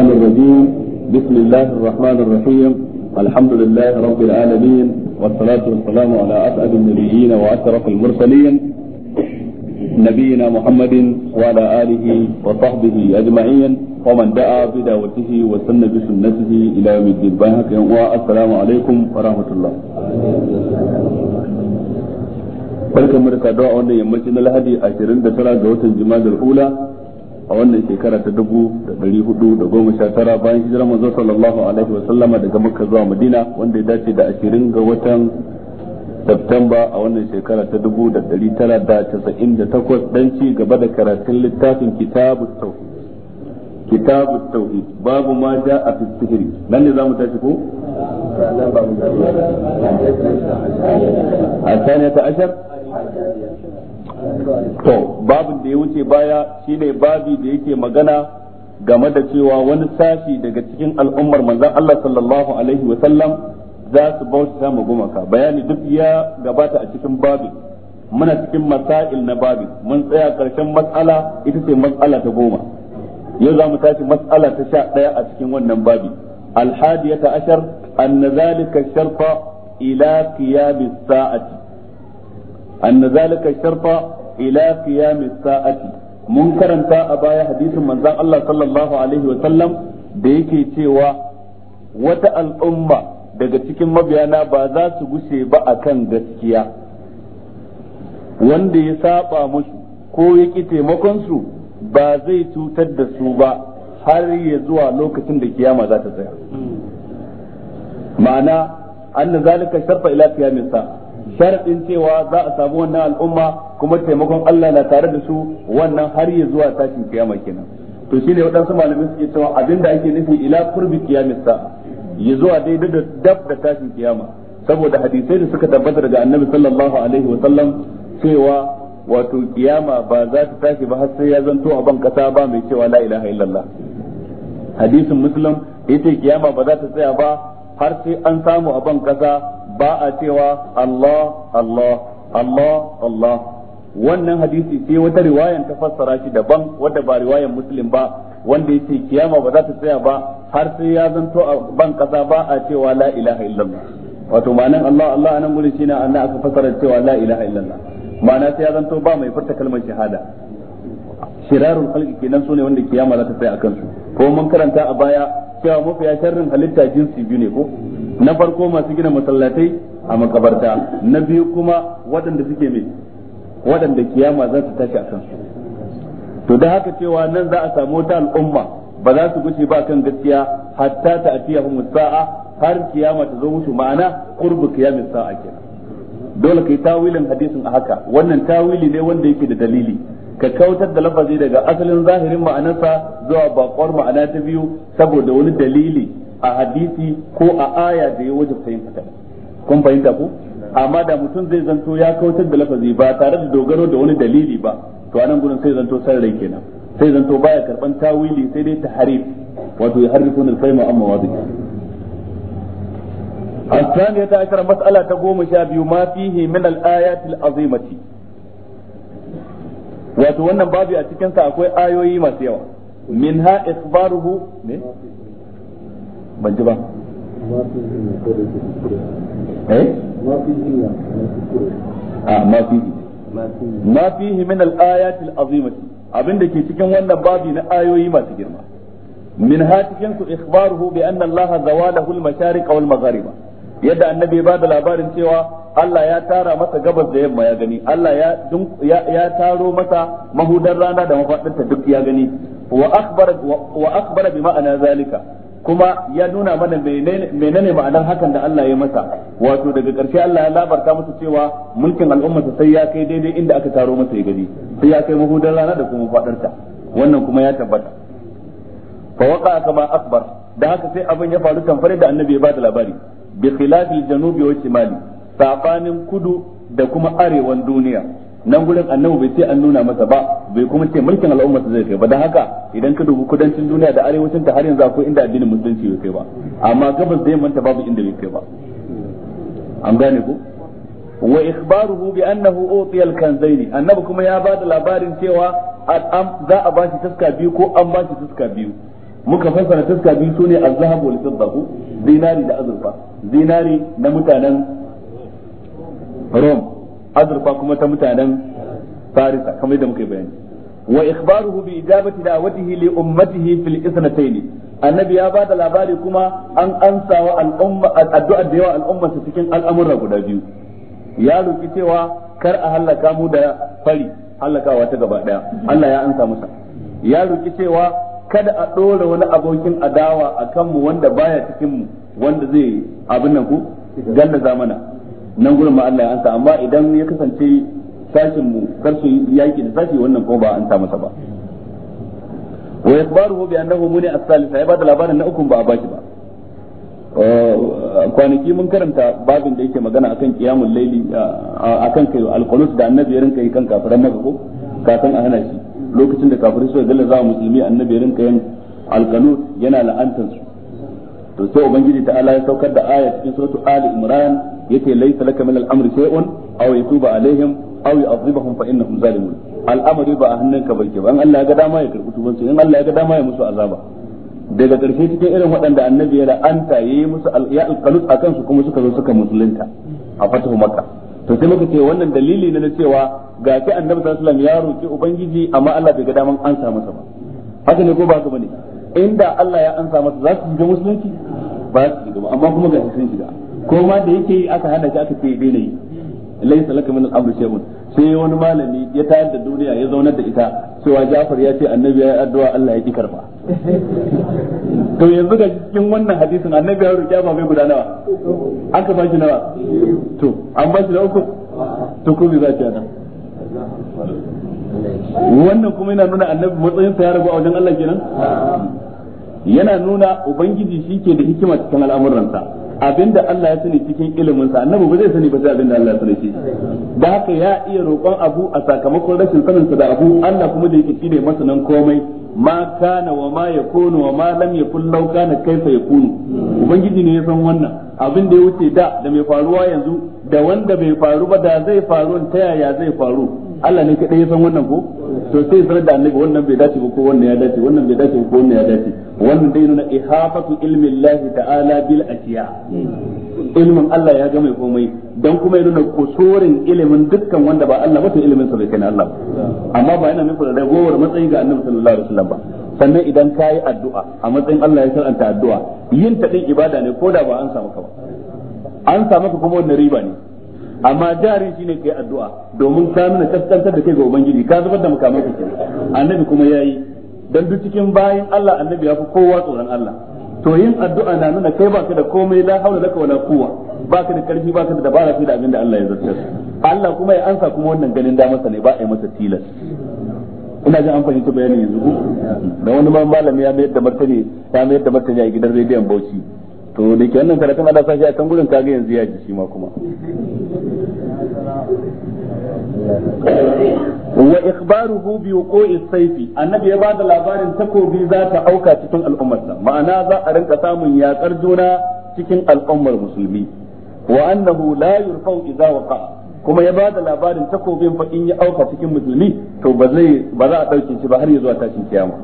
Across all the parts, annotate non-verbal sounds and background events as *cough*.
الشيطان الرجيم بسم الله الرحمن الرحيم الحمد لله رب العالمين والصلاة والسلام على أسعد النبيين وأشرف المرسلين نبينا محمد وعلى آله وصحبه أجمعين ومن دعا بدعوته وسن بسنته إلى يوم الدين باهك والسلام عليكم ورحمة الله barkan mu da kaduwa wannan yammacin na lahadi 29 ga watan jima'a ula a wannan shekara ta dubu da ɗari hudu da goma sha tara bayan hijirar manzo sallallahu alaihi wa sallama daga makka zuwa madina wanda ya dace da ashirin ga watan Satamba a wannan shekara ta dubu da ɗari tara da casa'in da takwas don ci gaba da karatun littafin kitabu tauhi kitabu tauhid babu ma ja a fisihiri nan ne za mu tashi ko? a saniya ta ashar to babin da ya wuce baya shine babi da yake magana game da cewa wani sashi daga cikin al'ummar manzon Allah sallallahu alaihi wa sallam za su bauta ma gumaka bayani duk ya gabata a cikin babin muna cikin masail na babin mun tsaya karshen matsala ita ce matsala ta goma yau za mu tashi matsala ta sha ɗaya a cikin wannan babi alhadiyata ashar annazalika zalika sharfa ila qiyamis sa'ati أن ذلك sharfa إلى قيام الساعة mun karanta a baya hadisin manzon Allah sallallahu الله عليه وسلم da yake cewa wata al'umma daga cikin mabiyana ba za su gushe ba a kan gaskiya wanda ya saba musu ko ya ki taimakon ba zai cutar da su ba har ya zuwa lokacin da kiyama za ta tsaya ma'ana da zalika sharfa ila qiyamis sa'a sharadin cewa za a samu wannan al'umma kuma taimakon Allah na tare da su wannan har ya zuwa tashin kiyama kenan to shine waɗansu malamai suke cewa abinda ake nufi ila qurbi qiyamis sa'a ya zuwa daidai da dab da tashin kiyama saboda hadisai da suka tabbata daga annabi sallallahu alaihi wa sallam cewa wato kiyama ba za ta tashi ba har sai ya zanto a ban kasa ba mai cewa la ilaha illallah hadisin muslim yace kiyama ba za ta tsaya ba har sai an samu a ban kasa ba a cewa Allah Allah Allah Allah wannan hadisi sai wata riwayan ta fassara shi daban wadda ba riwayan muslim ba wanda yace kiyama ba za ta tsaya ba har sai ya zanto a ban kasa ba a cewa la ilaha illallah wato ma'anan Allah Allah anan gurin shine annabi aka fassara cewa la ilaha illallah ma'ana sai ya zanto ba mai furta kalmar shahada shirarun halki kenan sune wanda kiyama za ta tsaya akan su ko mun karanta a baya cewa mafiya sharrin halitta jinsi biyu ne ko na farko masu gina masallatai a makabarta na biyu kuma waɗanda suke mai waɗanda kiyama za su tashi a su, to da haka cewa nan za a samu wata al'umma ba za su gushe ba kan gaskiya hatta ta atiya hum sa'a har kiyama ta zo musu ma'ana qurbu kiyamin sa'a kenan dole kai tawilin hadisin a haka wannan tawili ne wanda yake da dalili ka kautar da lafazi daga asalin zahirin ma'anarsa zuwa bakwar ma'ana ta biyu saboda wani dalili a hadisi ko a aya da ya wajen fahimta fata kun fahimta ko amma da mutum zai zanto ya kautar da lafazi ba tare da dogaro da wani dalili ba to anan gurin sai zanto san rai kenan sai zanto baya karban tawili sai dai taharif wato ya harrifu ne sai amma ta الثانية عشر مسألة تقوم شابي ما فيه من الآيات العظيمة wato wannan babu a cikinsa akwai ayoyi masu yawa minha ikhbaruhu ne ban ji ba eh a ah, ma fihi ma fihi min al-ayati azimati abinda ke cikin wannan babi na ayoyi masu girma min ha cikin su ikhbaruhu bi anna hulma zawalahu al-mashariq wal magharib yadda annabi ya bada labarin cewa Allah ya tara masa gabas da yamma ya gani Allah ya ya taro masa mahudar rana da mafadinta duk ya gani wa akhbara wa akhbara bi ma'ana zalika kuma ya nuna mana menene ma'anar hakan da Allah ya masa wato daga ƙarshe Allah ya labarta masa cewa mulkin al'umma sai ya kai daidai inda aka taro masa ya gani sai ya kai mahudan rana da kuma fadarta wannan kuma ya tabbata fa waqa kama akbar da haka sai abin ya faru tamfare da annabi ya bada labari bi khilafil janubi wa shimali safanin kudu da kuma arewan duniya nan gurin annabi bai ce an nuna masa ba bai kuma ce mulkin al'umma zai kai ba dan haka idan ka dubi kudancin duniya da arewacin ta har yanzu akwai inda addinin musulunci bai kai ba amma gabas da yamman ta babu inda bai kai ba an gane ko wa ikhbaruhu bi annahu utiya al-kanzaini annabi kuma ya bada labarin cewa za a bashi taska biyu ko an bashi taska biyu muka fassara taska biyu sune al zahab wal fidda zinari da azurfa zinari na mutanen Rome azurfa kuma ta mutanen farisa kamar da muka bayani wa ikhbaruhu bi ijabati da'watihi li ummatihi fil isnatayn annabi ya bada labari kuma an ansawa al'umma addu'a da yawa al'umma su cikin al'amura guda biyu ya roki cewa kar a halaka mu da fari halakawa ta gaba daya Allah ya ansa masa ya roki cewa kada a dora wani abokin adawa akan mu wanda baya cikin mu wanda zai abin nan ku ganda zamana nan gurin ma Allah ya ansa amma idan ya kasance sashin mu kar su yaki da sashi wannan kuma ba an ta masa ba wa yakbaruhu bi annahu muni as-salisa ya bada labarin na ukun ba a bashi ba uh, kwanaki mun karanta babin da yake magana akan qiyamul layli uh, akan kai al qulus da annabi ya rinka yi kan kafiran maka ko kafin a hana shi lokacin da kafirai suka galla za musulmi annabi ya rinka yin al qulus yana la'antar su to sai ubangiji ta'ala ya saukar da aya cikin suratul ali imran yace laysa laka min al-amri shay'un aw yatuba alaihim aw yu'adhibahum fa innahum zalimun al'amari ba a hannunka barke ba in Allah ya ga dama ya karbi tubansu in Allah ya ga dama ya musu azaba daga ƙarshe cikin irin waɗanda annabi ya la'anta yayi musu ya alqalut akan su kuma suka zo suka musulunta a fatahu makka to sai muka ce wannan dalili ne na cewa ga sai annabi sallallahu alaihi wasallam ya roki ubangiji amma Allah bai ga daman ansa masa ba haka ne ko ba haka bane inda Allah ya ansa masa za su shiga musulunci ba su shiga amma kuma ga sun shiga ko ma da yake yi aka hana shi aka ce daina yi Lai laka min al-amr shay'un sai wani malami ya tayar da duniya ya zaunar da ita cewa Ja'far ya ce annabi ya yi addu'a Allah ya ki karba to yanzu ga cikin wannan hadisin annabi ya roki ba bai guda nawa aka ba shi nawa to an ba shi da uku to ko za ta nan wannan kuma yana nuna annabi matsayin sa ya rabu a wajen Allah kenan yana nuna ubangiji shi ke da hikima cikin al'amuransa abinda Allah ya sani cikin ilimin sa annabi ba zai sani ba sai abinda Allah ya sani shi da haka ya iya roƙon abu a sakamakon rashin sanin sa da abu Allah kuma da yake shine masanin komai ma kana wa ma yakunu wa ma lam yakun law kana kaifa yakunu ubangiji ne ya san wannan abin da ya wuce da da mai faruwa yanzu da wanda bai faru ba da zai faru ta yaya zai faru Allah ne kaɗai ya san wannan ko to sai sanar da annabi wannan bai dace ba ko wannan ya dace wannan bai dace ba ko wannan ya dace wannan dai nuna ihafatu ilmi Allah ta'ala bil ashiya ilmin Allah ya ga mai komai dan kuma ya nuna kusurin ilimin dukkan wanda ba Allah ba to ilimin sa bai kai Allah amma ba yana nufin ragowar matsayi ga annabi sallallahu alaihi wasallam ba sannan idan ka yi addu'a a matsayin Allah ya karanta addu'a yin ta din ibada ne ko da ba an samu ka ba an samu ka kuma wannan riba ne amma shi ne kai addu'a domin ka nuna kaskantar da kai ga ubangiji ka zubar da mukamai kake annabi kuma yi dan duk cikin bayin Allah annabi ya fi kowa tsoron Allah to yin addu'a na nuna kai baka da komai la haula laka wala quwwa baka da karfi baka da dabara sai da abin da Allah ya zartar Allah kuma ya ansa kuma wannan ganin da masa ne ba a yi masa tilas ina jin an fahimta bayanin yanzu da wani ma malami ya mayar da martani ya mayar da martani a gidan rediyon Bauchi to da ke wannan karatun ana sashi a kan gurin kaga yanzu ya ji shi ma kuma wa ikhbaruhu bi wuqu'i sayfi annabi ya bada labarin takobi za ta auka cikin al'ummarsa ma'ana za a rinka samun yakar juna cikin al'ummar musulmi wa annahu la yurfa idza waqa kuma ya bada labarin takobin fa in ya auka cikin musulmi to ba zai ba za a dauke shi ba har ya zuwa tashin kiyama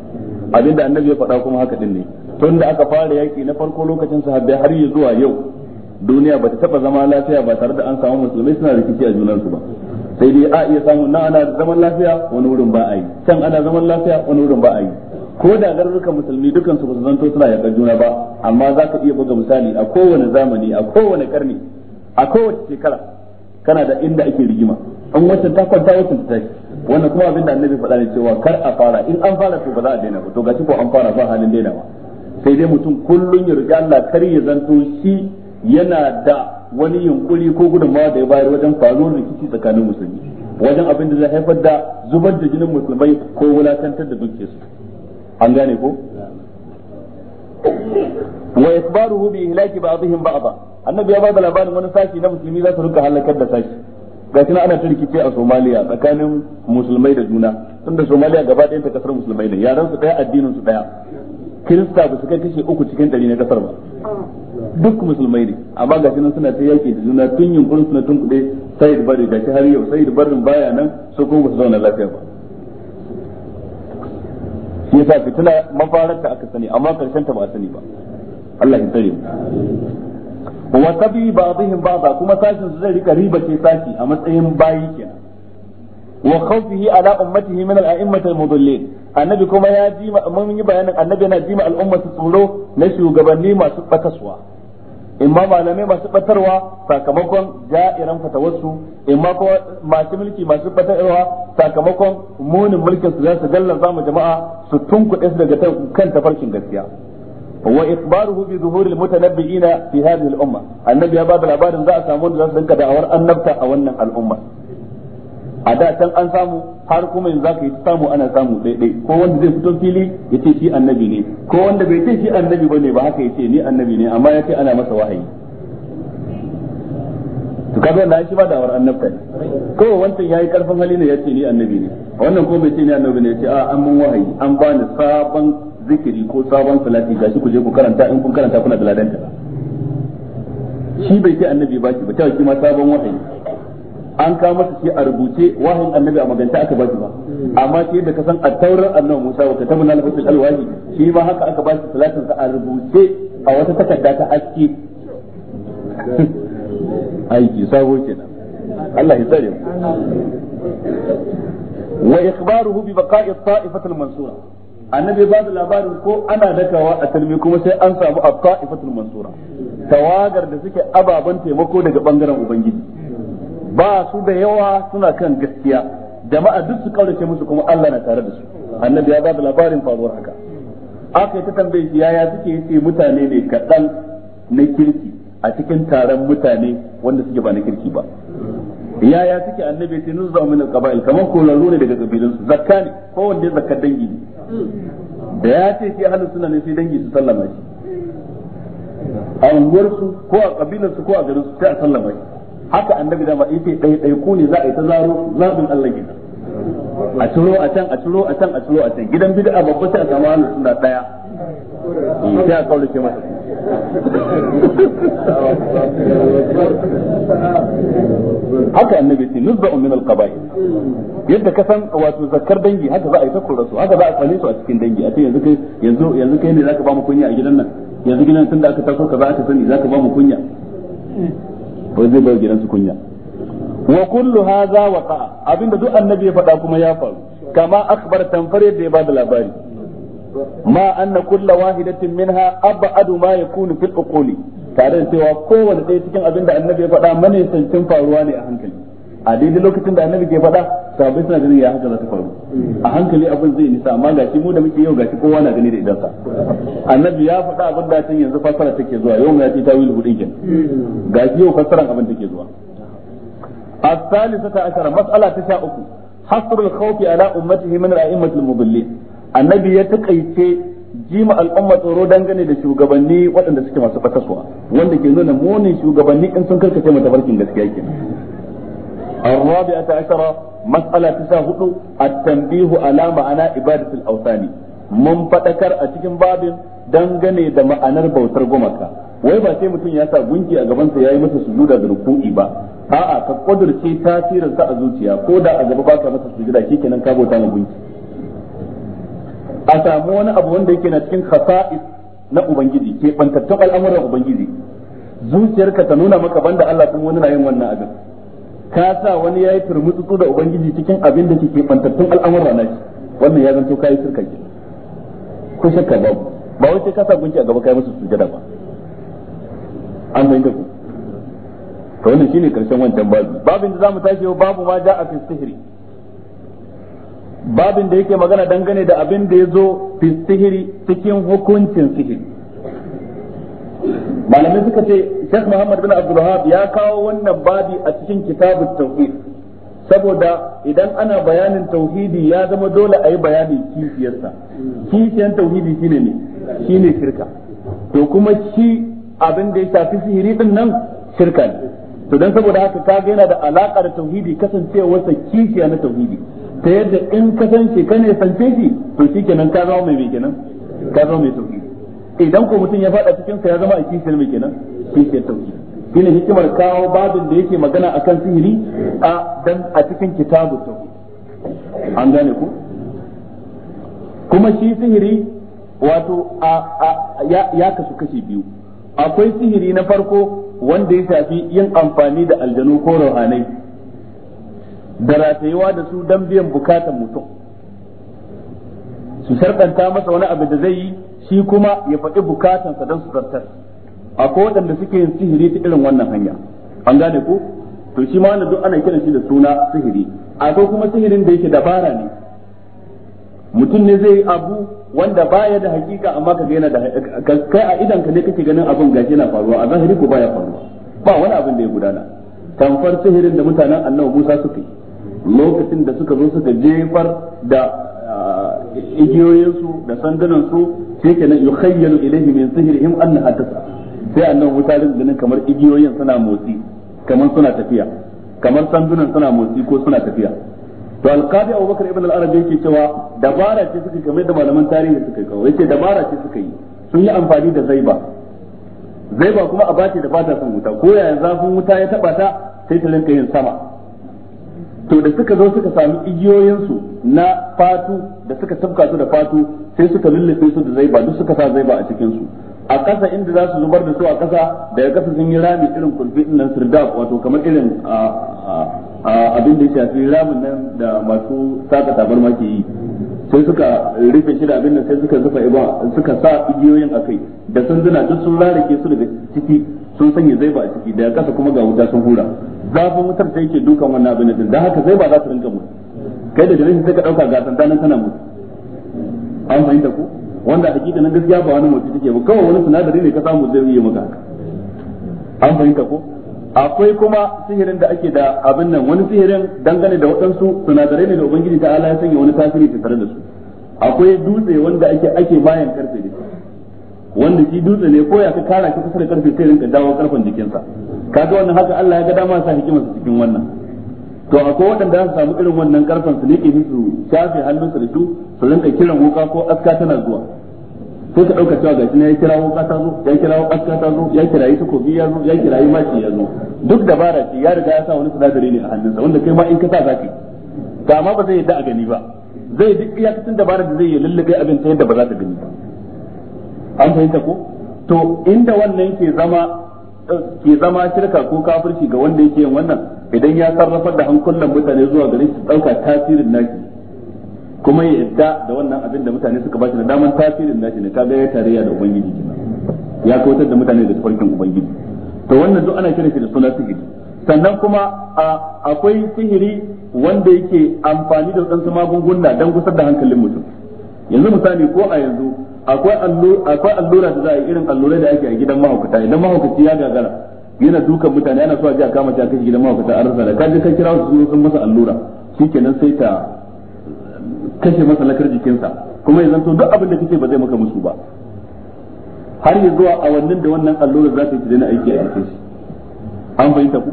abinda annabi ya faɗa kuma haka din ne tun da aka fara yaki na farko lokacin sahabbai har yi zuwa yau duniya ba ta taɓa zama lafiya ba tare da an samu musulmai suna rikici a junansu ba sai dai a iya samu na ana zaman lafiya wani wurin ba a yi can ana zaman lafiya wani wurin ba a yi ko da garurukan musulmi dukkan su zanto suna yaƙar juna ba amma za ka iya buga misali a kowane zamani a kowane karni a kowace shekara kana da inda ake rigima an wacce ta kwanta wacce ta tashi wannan kuma abin da annabi faɗa ne cewa kar a fara in an fara to ba za a daina ba to gashi ko an fara ba halin dainawa sai dai mutum kullum ya roki Allah kar ya zanto shi yana da wani yunkuri ko gudunmawa da ya bayar wajen faruwar rikici tsakanin musulmi wajen abin da zai haifar da zubar da jinin musulmai ko wulakantar da su an gane ko wa yasbaruhu bi ihlaki ba'dihim ba'dha annabi ya bada labarin wani sashi na musulmi za su rika halakar da sashi ga kina ana ta rikice a Somalia tsakanin musulmai da juna tunda Somalia gaba ɗayan ta kasar musulmai ne yaran su daya addinin su daya kirista ba su kai kashi uku cikin ɗari na kasar ba duk musulmai ne amma ga shi nan suna ta yaki da juna tun yunkurin suna tun kuɗe sai da bari ga shi har yau sai da barin baya nan su kuma ba su zauna lafiya ba shi yasa fitina mafararta aka sani amma karshen ta ba a sani ba Allah ya tsare mu wa tabi ba'dihim ba'da kuma sashin su zai rika riba ce sashi a matsayin bayi kenan wa khawfihi ala ummatihi min al-a'immatil mudallin annabi kuma ya ji mun yi bayanin annabi yana ji ma al'umma su tsoro na shugabanni masu bataswa imma malamai masu batarwa sakamakon ja'iran fatawarsu imma ko masu mulki masu batarwa sakamakon munin mulkin su su gallanza mu jama'a su tunkuɗe su daga kan tafarkin gaskiya wa ikbaruhu bi zuhuril mutanabbi'ina fi hadhihi al-umma annabi ya da labarin za a samu da za su dinka da'awar annabta a wannan al'umma a da can an samu har kuma yanzu zaka yi samu ana samu daidai ko wanda zai fito fili ya ce shi annabi ne ko wanda bai ce shi annabi bane ba haka ya ce ni annabi ne amma ya ce ana masa wahayi to kaga wanda shi ba da war annabta ne ko wancan yayi karfin hali ne ya ce ni annabi ne wannan ko bai ce ni annabi ne ya ce a an mun wahayi an bani sabon zikiri ko sabon salati gashi ku je ku karanta in kun karanta kuna da ladanta shi bai ce annabi ba shi ba ta ma sabon wahayi an kawo masa shi a rubuce wahayin annabi a maganta aka bashi ba amma shi da kasan a taurar annabi Musa wa katabna lahu fil alwahi shi ma haka aka bashi salatin sa a rubuce a wata takarda ta aski aiki sabo kenan Allah ya tsare mu wa ikhbaruhu bi baqa'i ta'ifatul mansura annabi ba da labarin ko ana dakawa a talmi kuma sai an samu a ta'ifatul mansura tawagar da suke ababan taimako daga bangaren ubangiji ba su da yawa suna kan gaskiya jama'a duk su kaurace musu kuma Allah na tare da su annabi ya ba da labarin faruwar haka aka yi ta tambaye shi yaya suke yi mutane ne kaɗan na kirki a cikin taron mutane wanda suke ba na kirki ba yaya suke annabi sai nuzza min alqaba'il kamar korarru ne daga kabilun su zakka ne ko wanda zakka dangi ne da ya ce shi ahlus sunna ne sai dangi su sallama shi a unguwar su ko a kabilarsu su ko a garin su sai a sallama shi haka annabi da mai ce dai dai ku ne za a yi ta zaro zabin Allah gida a ciro a can a ciro a can a ciro a can gidan bid'a babba sai a samu ahlus suna daya eh, sai a kawo ke masa haka annabi ce nuzba'un min al-qaba'il yadda ka san wato zakkar dangi haka za a yi ta kurasu haka za a tsane su a cikin dangi a ce yanzu kai yanzu yanzu kai ne zaka ba mu kunya a gidan nan yanzu gidan sun da aka taso ka za aka sani zaka ba mu kunya wai zai bai gidansu kunya wa kullu hadha abinda duk annabi ya faɗa kuma ya faru kama akbar tamfar da ya da labari ma anna kulla wahidatin minha abadu ma yakunu fil uquli tare da cewa kowanne ɗaya cikin abinda annabi ya faɗa mane sancin faruwa ne a hankali a daidai lokacin da annabi ke faɗa sabai suna ganin ya haka za ta faru a hankali abin zai nisa amma ga shi mu da muke yau ga shi kowa na gani da idansa annabi ya faɗa abin da tun yanzu fassara take zuwa yau ya ce wili hudin kin ga shi yau fassaran abin take zuwa الثالثة عشرة مسألة تسعة أكو حصر الخوف على أمته من الأئمة annabi ya takaice jima al'umma tsoro dangane da shugabanni waɗanda suke masu fataswa wanda ke nuna munin shugabanni in sun karkace mata barkin gaskiya kenan الرابعة عشرة mas'ala ta sa hudu at-tanbihu ala ma'ana ibadatul awsani mun fadakar a cikin babin dangane da ma'anar bautar gumaka wai ba sai mutum ya sa gunki a gaban sa yayi masa sujuda da ruku'i ba a'a ka kudurce tasirin sa a zuciya ko da a gaba baka masa sujuda nan ka bauta ma gunki a samu wani abu wanda yake na cikin khasa'is na ubangiji ke bantattun al'amuran ubangiji zuciyarka ta nuna maka banda Allah kuma wani na yin wannan abin ka sa wani ya yi turmutsu da ubangiji cikin abin da ke bantattun al'amurra na shi wannan ya zanto kai shirka ke ko shakka babu ba wai sai ka sa gunki a gaba kai musu sujada ba an fahimta ku to wannan shine karshen wancan babu babin da zamu tashi babu ma a fi sihiri babin da yake magana dangane da abin da ya zo fi sihiri cikin hukuncin sihiri malamai suka ce Sheikh Muhammad bin Abdul Wahab ya kawo wannan babi a cikin kitabut tauhid saboda idan ana bayanin tauhidi ya zama dole a yi bayanin kifiyarsa kifiyar tauhidi shine ne shine shirka to kuma shi abin da ya shafi sihiri din nan shirka ne to dan saboda haka ga yana da alaka da tauhidi kasancewarsa kifiya na tauhidi ta yadda in kasance ka ne sance shi to shikenan ka zama mai kenan ka zama mai tauhidi idan ko mutum ya faɗa cikin sa ya zama a kifiyar mai kenan kishiyar tauhidi shine hikimar kawo babin da yake magana akan sihiri a dan a cikin kitabu tauhid an gane ku kuma shi sihiri wato a, ya, kasu kashi biyu akwai sihiri na farko wanda ya shafi yin amfani da aljanu ko rohanai da ratayewa da su dan biyan bukatan mutum su sharɗanta masa wani abu da zai yi shi kuma ya faɗi bukatansa don su zartar akwai waɗanda suke yin sihiri ta irin wannan hanya an gane ku. to shi ma wanda duk ana kiran shi da suna sihiri akwai kuma sihirin da yake dabara ne mutum ne zai yi abu wanda baya da hakika amma ka yana da kai a idan ka ne kake ganin abin gashi yana faruwa a zahiri ko baya faruwa ba wani abin da ya gudana tamfar sihirin da mutanen annabi Musa suka yi lokacin da suka zo suka jefar da ah, igiyoyinsu da sandunansu sai kenan yukhayyalu ilayhi min sihrihim annaha tas'a sai annan wuta rin ganin kamar igiyoyin suna motsi kamar suna tafiya kamar sandunan suna motsi ko suna tafiya to alqadi abubakar ibn al-arabi yake cewa dabara ce suka kamar da malaman tarihi suka kawo yace dabara ce suka yi sun yi amfani da zaiba zaiba kuma a bace da fata sun wuta ko yayin zafin wuta ya taba ta sai ta rinka yin sama to da suka zo suka sami igiyoyinsu na fatu da suka tabka su da fatu sai suka lullufe su da zaiba duk suka sa zaiba a cikin su a ƙasa inda za su zubar da su a ƙasa daga ƙasa sun yi rami irin kulfi din nan sirdab wato kamar irin abin da ya shafi ramin nan da masu saka tabarma ke yi sai suka rufe shi da abin nan sai suka zufa iba suka sa igiyoyin a kai da sanduna duk sun rarrake su daga ciki sun sanya zai ba a ciki daga ƙasa kuma ga wuta sun hura zafin wutar ta yake dukan wannan abin din dan haka zai ba za su rinka mutu kai da jirgin sai ka dauka ga nan tana mutu an fahimta ko wanda hakika nan gaskiya ba wani mutum take ba kawai wani sinadari ne ka samu zai yi maka haka an fahimta ko akwai kuma sihirin da ake da abin nan wani sihirin dangane da waɗansu sinadarai ne da ubangiji ta Allah ya sanya wani tasiri tattare da su akwai dutse wanda ake ake bayan karfe ne wanda shi dutse ne ko ya ka kara ki kusa da karfe sai rinka dawo karfen jikinsa kaga wannan haka Allah ya ga dama sa hikimarsa cikin wannan to akwai waɗanda za su samu irin wannan karfen su ne ke su shafe hannunsu da su su rinka kiran wuka ko aska tana zuwa ko ka dauka cewa gashi ya kirawo ta zo ya kirawo wuka ta zo ya kirayi takobi ya zo ya kirayi maki ya zo duk dabara ce ya riga ya sa wani sinadari ne a hannunsa wanda kai ma in ka sa zaki ba ma ba zai yadda a gani ba zai duk iyakacin dabara da zai yi lullube abin ta yadda ba za ta gani ba an fahimta ko to inda wannan ke zama ke zama shirka ko kafirci ga wanda yake yin wannan idan ya sarrafa da hankulan mutane zuwa gare su dauka tasirin naki kuma ya yadda da wannan abin da mutane suka shi da daman tasirin nashi ne ga ya tarayya da ubangiji ya kautar da mutane da tafarkin ubangiji to wannan duk ana kira shi da suna sihiri sannan kuma akwai sihiri wanda yake amfani da wadansu magunguna dan gusar da hankalin mutum yanzu misali ko a yanzu akwai allura da za a yi irin allurai da ake a gidan mahaukata idan mahaukaci ya gagara yana dukan mutane yana so a ji a kama shi a kai gidan mahaukata a rasa da kaje ka kira su sun masa allura shikenan sai ta kashe masa lakar jikinsa kuma ya zanto duk abin da kake ba zai maka musu ba har ya zuwa wannan da wannan allurar za ta yi aiki a jikin shi an fahimta ku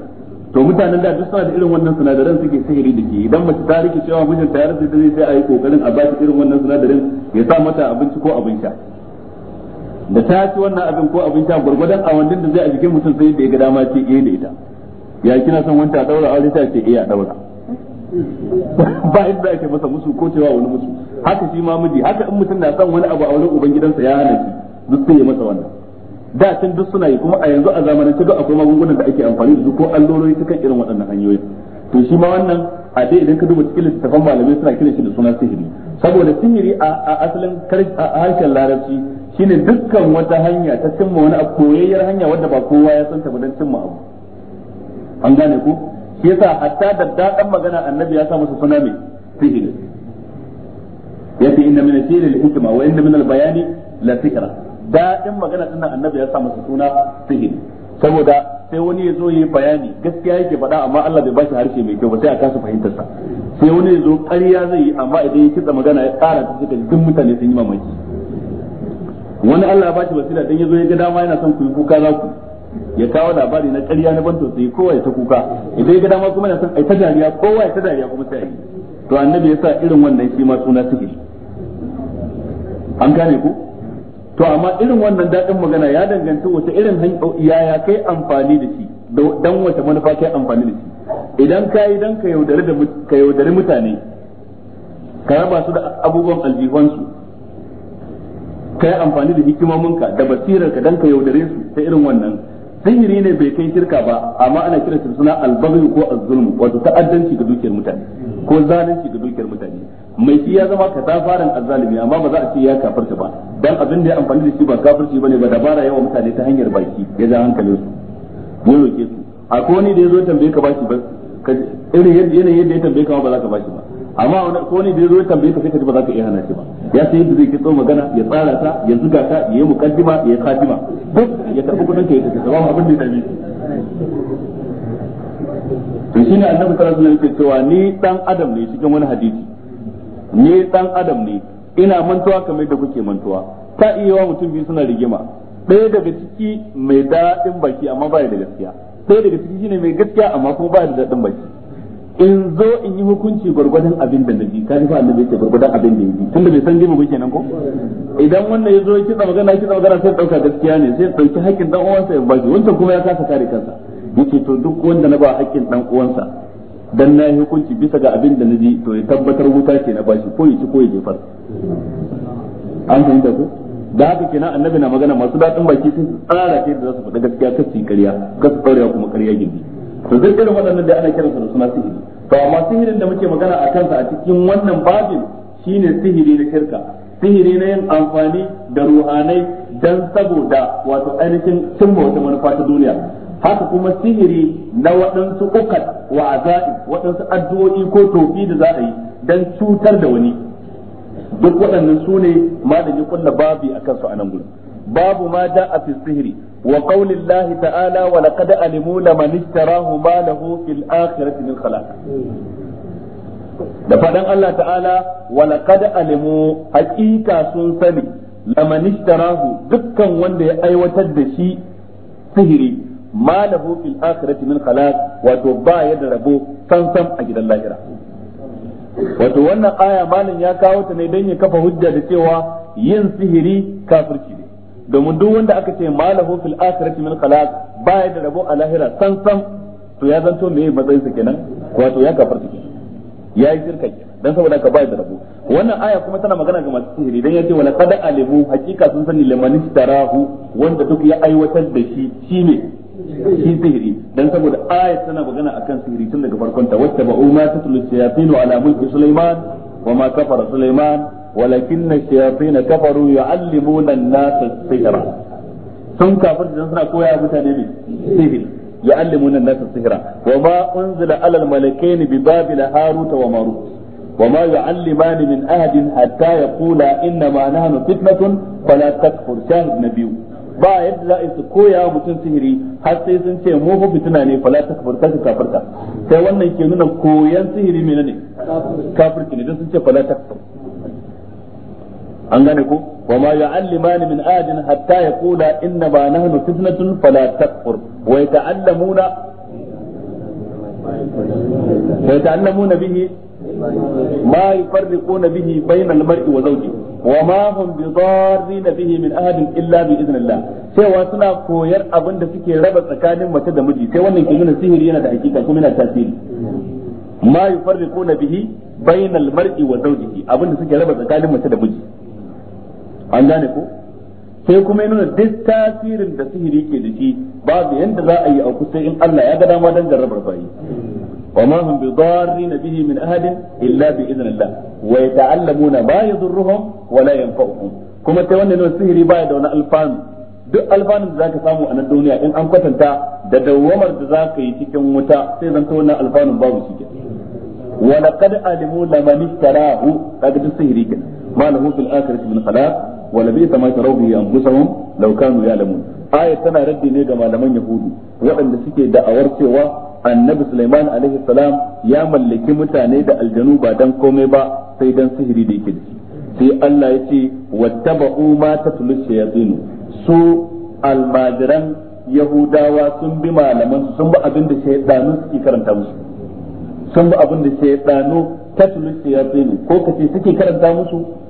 to mutanen da duk suna da irin wannan sinadaran suke sihiri da ke idan mace ta rike cewa mijinta ya da zai sai a yi kokarin a ba irin wannan sinadarin ya sa mata abinci ko abin sha da ta ci wannan abin ko abin sha gurgurdan wannan da zai a jikin mutum sai da ya ga dama ce eh da ita ya kina son wanta a daura aure ta ce eh a daura ba inda ake masa musu ko cewa wani musu haka shi ma miji haka in mutum na san wani abu a wurin ubangidansa ya hana shi duk sai ya masa wannan da tun duk suna yi kuma a yanzu a zamanin duk akwai magungunan da ake amfani da su ko allolori ta kan irin waɗannan hanyoyin to shi ma wannan a dai idan ka duba cikin littafan malamai suna kiran shi da suna sihiri saboda sihiri a asalin harshen larabci shine dukkan wata hanya ta cimma wani abu koyayyar hanya wadda ba kowa ya san ta ba don cimma abu an gane ko yasa hatta da dadan magana annabi ya sa musu suna mai sihiri fi inna min asiri al-hikma wa inna min al-bayani la sihra dadin magana din annabi ya sa musu suna sihiri saboda sai wani ya zo yi bayani gaskiya yake faɗa amma Allah bai bashi harshe mai kyau ba sai a kasa fahimtar sa sai wani ya zo ƙarya zai yi amma idan ya kitsa magana ya tsara ta cikin duk mutane sun yi mamaki wani Allah ya bashi wasila dan ya zo ya ga dama yana son ku yi kuka za ku ya kawo labari na ƙarya na ban tausayi kowa ya ta kuka idan ga dama kuma na san ai ta dariya kowa ya ta dariya kuma sai yi to annabi ya sa irin wannan shi ma suna sihiri an gane ku to amma irin wannan daɗin magana ya danganta wace irin yaya kai amfani da shi dan wace manufa kai amfani da shi idan ka yi dan ka yaudari mutane ka raba su da abubuwan aljihunsu ka yi amfani da hikimominka da basirarka dan ka yaudare su ta irin wannan sihiri ne bai kai shirka ba amma ana kira shi suna albaghi ko azzulmu wato ta'addanci ga dukiyar mutane ko zalunci ga dukiyar mutane mai shi ya zama fara azzalimi amma ba za a ce ya kafarta ba dan abin da ya amfani da shi ba kafirci bane ba dabara yawa mutane ta hanyar baki ya ja hankalin su ya roke su akwai wani da ya zo tambaye ka bashi ba irin yadda yanayin yadda ya tambaye ka ba za ka bashi ba amma wani ko ne da ya zo tambaye ka sai ka ba za ka iya hana shi ba ya san yadda zai kitso magana ya tsara ta ya zuga ta ya yi mukaddima ya yi khatima duk ya karbi kudin ka ya tafi babu abin da ya dame to shine annabi sallallahu alaihi wasallam yake cewa ni dan adam ne cikin wani hadisi ni dan adam ne ina mantuwa kamar da kuke mantuwa ta iya wa mutum biyu suna rigima ɗaya daga ciki mai daɗin baki amma ba da gaskiya ɗaya daga ciki shine mai gaskiya amma kuma ba da daɗin baki in zo in yi hukunci gwargwadon abin da nabi ka ji fa annabi yake gwargwadon abin da yake tunda bai san gima ba kenan ko idan wannan ya zo ya kitsa magana kitsa magana sai dauka gaskiya ne sai dauki haƙƙin dan uwansa ya baki wancan kuma ya kasa kare kansa yace to duk wanda na ba haƙƙin dan uwansa dan na yi hukunci bisa ga abin da naji to ya tabbatar wuta ce na bashi ko ya ci ko ya jefar an da ko da haka kenan annabi na magana masu dadin baki sun tsara ce da za su faɗa gaskiya kasu ƙarya kasu ƙarya kuma ƙarya gindi to duk irin waɗannan da ana su da suna sihiri to amma sihirin da muke magana a kansa a cikin wannan babin shine sihiri na shirka sihiri na yin amfani da ruhanai dan saboda wato ainihin cimma wata manufa ta duniya haka kuma sihiri na waɗansu ukat wa azai waɗansu addu'o'i ko tofi da za a yi dan cutar da wani duk waɗannan su ne ma da kulla babi a kansu a nan gurin babu ma jaa fi sihri wa qawli ta'ala wa alimu laman ishtarahu ma lahu fil min khalaq da fadan Allah ta'ala wa laqad alimu haqiqa sun sani laman ishtarahu dukkan wanda ya aiwatar da shi sihiri ma lahu fil min khalaq wato ba ya da rabo a gidan lahira wato wannan aya malam ya kawo ta ne don ya kafa hujja da cewa yin sihiri kafirci ne domin duk wanda aka ce malahu fil akhirati min khalaq baya da rabo a lahira san san to ya zanto me matsayin sa kenan wato ya kafarta kenan yi shirka dan saboda ka baya da rabo wannan aya kuma tana magana ga masu sihiri dan yace wala qad alimu hakika sun sani liman tarahu wanda duk ya aiwatar da shi shine shi sihiri dan saboda aya tana magana akan sihiri tun daga farkon ta wacce ba umma tatlu shayatin ala mulki sulaiman wa ma kafara sulaiman walakin ash-shayatin kafaru yu'allimuna an-nasa as-sihra sun kafirta dan suna koya mutane ne sihiri yu'allimuna an-nasa as-sihra wa ma unzila ala al-malakaini bi babil harut wa marut وما يعلمان من أحد حتى يقولا إنما نحن فتنة فلا تكفر شاهد نبيه ba yadda za a su koya wa mutum sihiri har sai sun ce mu fa fitina ne fala ta kafirta ka sai wannan ke nuna koyan sihiri menene kafirci ne dan sun ce fala ta kafirta an gane ku? wa ma ya'allimani min ahadin hatta yaqula inna ma nahnu fitnatun fala takfur wa yata'allamuna wa yata'allamuna bihi bihi ما يفرقون به بين المرء وزوجه وما هم bihi min من illa إلا بإذن الله cewa suna koyar abin da suke raba tsakanin mace da miji sai wannan ke nuna sihiri yana da hakika kuma yana tasiri ma yufarriquna bihi bainal mar'i wa zawjihi abin da suke raba tsakanin mace da miji an gane ko sai kuma ya nuna duk tasirin da sihiri ke da shi babu yanda za a yi a kusa in Allah ya ga dama dan jarrabar bayi wa ma hum bidarrin bihi min ahadin illa bi idnillah wa yata'allamuna ma yadurruhum wa la yanfa'uhum kuma ta wannan nuna sihiri baya da wani alfanu duk alfanun da zaka samu a nan duniya in an kwatanta da dawwamar da zaka yi cikin wuta sai zan ta wannan alfanun babu shi wa laqad alimu lamani tarahu kaga duk sihiri ke. ma lahu fil akhirati min khalaq wala bi sama an busa mun law ya ya'lamun aya tana raddi ne ga malaman yahudu waɗanda suke da'awar cewa annabi Sulaiman alaihi salam ya mallaki mutane da aljanu ba dan komai ba sai dan sihiri da yake da shi sai Allah ya ce wattaba'u ma tatlu shayatin su almajiran yahudawa sun bi malaman sun bi abin da shaydanu suke karanta musu sun bi abin da shaydanu tatlu shayatin ko kace suke karanta musu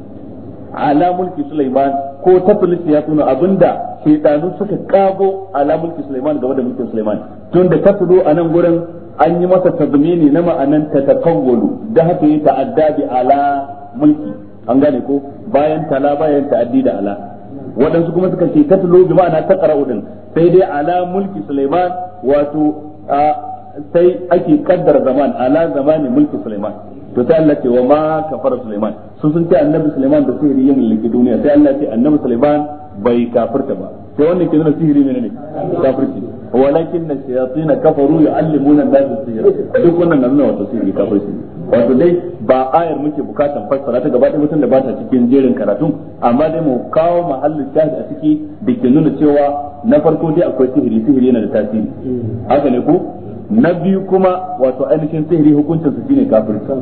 ala mulki Sulaiman ko tafilisi ya tuna abinda shaitanu suka kago ala mulki Sulaiman game da mulkin Sulaiman tun da tafido a nan gurin an yi masa tazmini na ma'anan ta takawwalu da haka yi ta'adda bi ala mulki an gane ko bayan tala bayan ta'addi da ala waɗansu kuma suka ce tulo bi ma'ana ta qara'u sai dai ala mulki Sulaiman wato sai ake kaddara zaman ala zamani mulki Sulaiman to sai Allah ce wa ma kafara Sulaiman sun sun ce annabi Sulaiman da sihiri ya mallaki duniya sai Allah ce annabi Sulaiman bai kafirta ba sai wannan ke nuna sihiri ne ne kafirci walakin na shayatin kafaru yu'allimuna nas sihir duk wannan na nuna wato sihiri kafirci wato dai ba ayar muke bukatan fassara ta gaba ɗaya mutum da ba ta cikin jerin karatun amma dai mu kawo mahallin shahid a ciki da ke nuna cewa na farko dai akwai sihiri sihiri yana da tasiri haka ne ko na biyu kuma wato ainihin sihiri hukuncinsa ne kafirta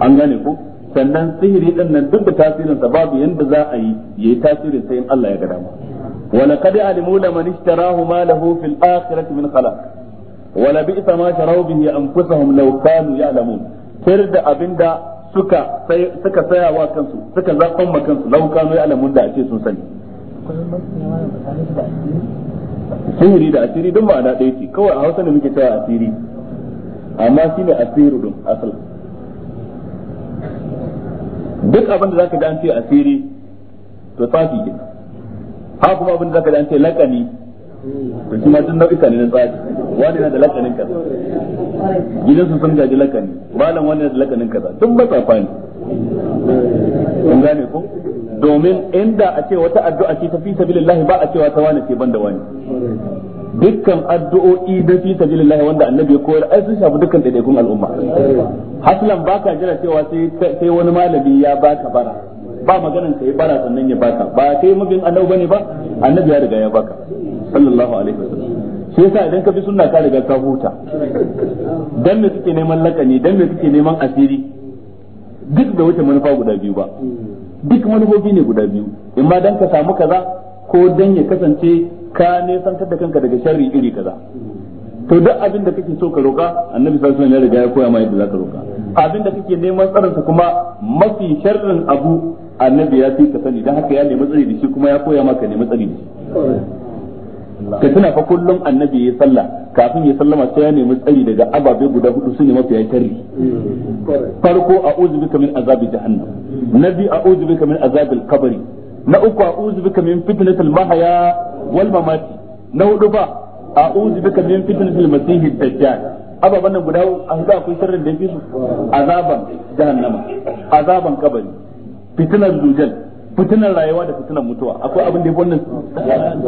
an gane ku. sannan sihiri din nan duk da tasirinsa babu yanda za a yi yayi tasirin sai in Allah ya ga dama wala qad alimu da ishtarahu ma lahu fil akhirati min khalaq wala bi ma sharau bihi anfusuhum law ya ya'lamun sir da abinda suka suka saya wa kansu suka zaban ma kansu law ya ya'lamun da ake sun sani sihiri da asiri duk ma'ana ɗaya ce kawai a hausa ne muke cewa asiri amma shi ne asiru don asal duk abin da ka ji an ce asiri to tsafi ke ha kuma abin da ka ji an ce lakani to shi ma duk nau'ika ne na tsafi wani na da lakanin kaza gidansu sun gaji lakani malam wani na da lakanin kaza duk matsafa ne kun gane ko domin inda a ce wata addu'a ce ta fi sabilillahi ba a cewa ta wani ce ban da wani dukkan addu'o'i da fi sabilillahi wanda annabi ya koyar ai sun shafi dukkan daidaikun al'umma haslan baka jira cewa sai wani malami ya baka bara ba maganan yi bara sannan ya baka ba kai mabin annabi bane ba annabi ya riga ya baka sallallahu alaihi wasallam shi yasa idan ka bi sunna ka riga ka huta dan me suke neman lakani dan me suke neman asiri duk da wuce manufa guda biyu ba duk manufofi ne guda biyu in ma dan ka samu kaza ko dan ya kasance ka nesantar da kanka daga sharri iri kaza to duk abin da kake so ka roka annabi sallallahu alaihi wasallam ya riga ya koya ma yadda zaka roka abin da kake neman tsarin sa kuma mafi sharrin abu annabi ya fi ka sani dan haka ya nemi tsari da shi kuma ya koya maka nemi tsari da shi ka tuna fa kullum annabi ya sallah kafin ya sallama sai ya nemi tsari daga ababe guda hudu farko a'udhu bika min azabi jahannam a'udhu bika min na uku a'udhu bika min mahya wal na hudu ba a'udhu bika min dajjal ababan nan guda akwai da yake azaban jahannama azaban kabari fitinan rayuwa da fitinan mutuwa akwai abin da yafi wannan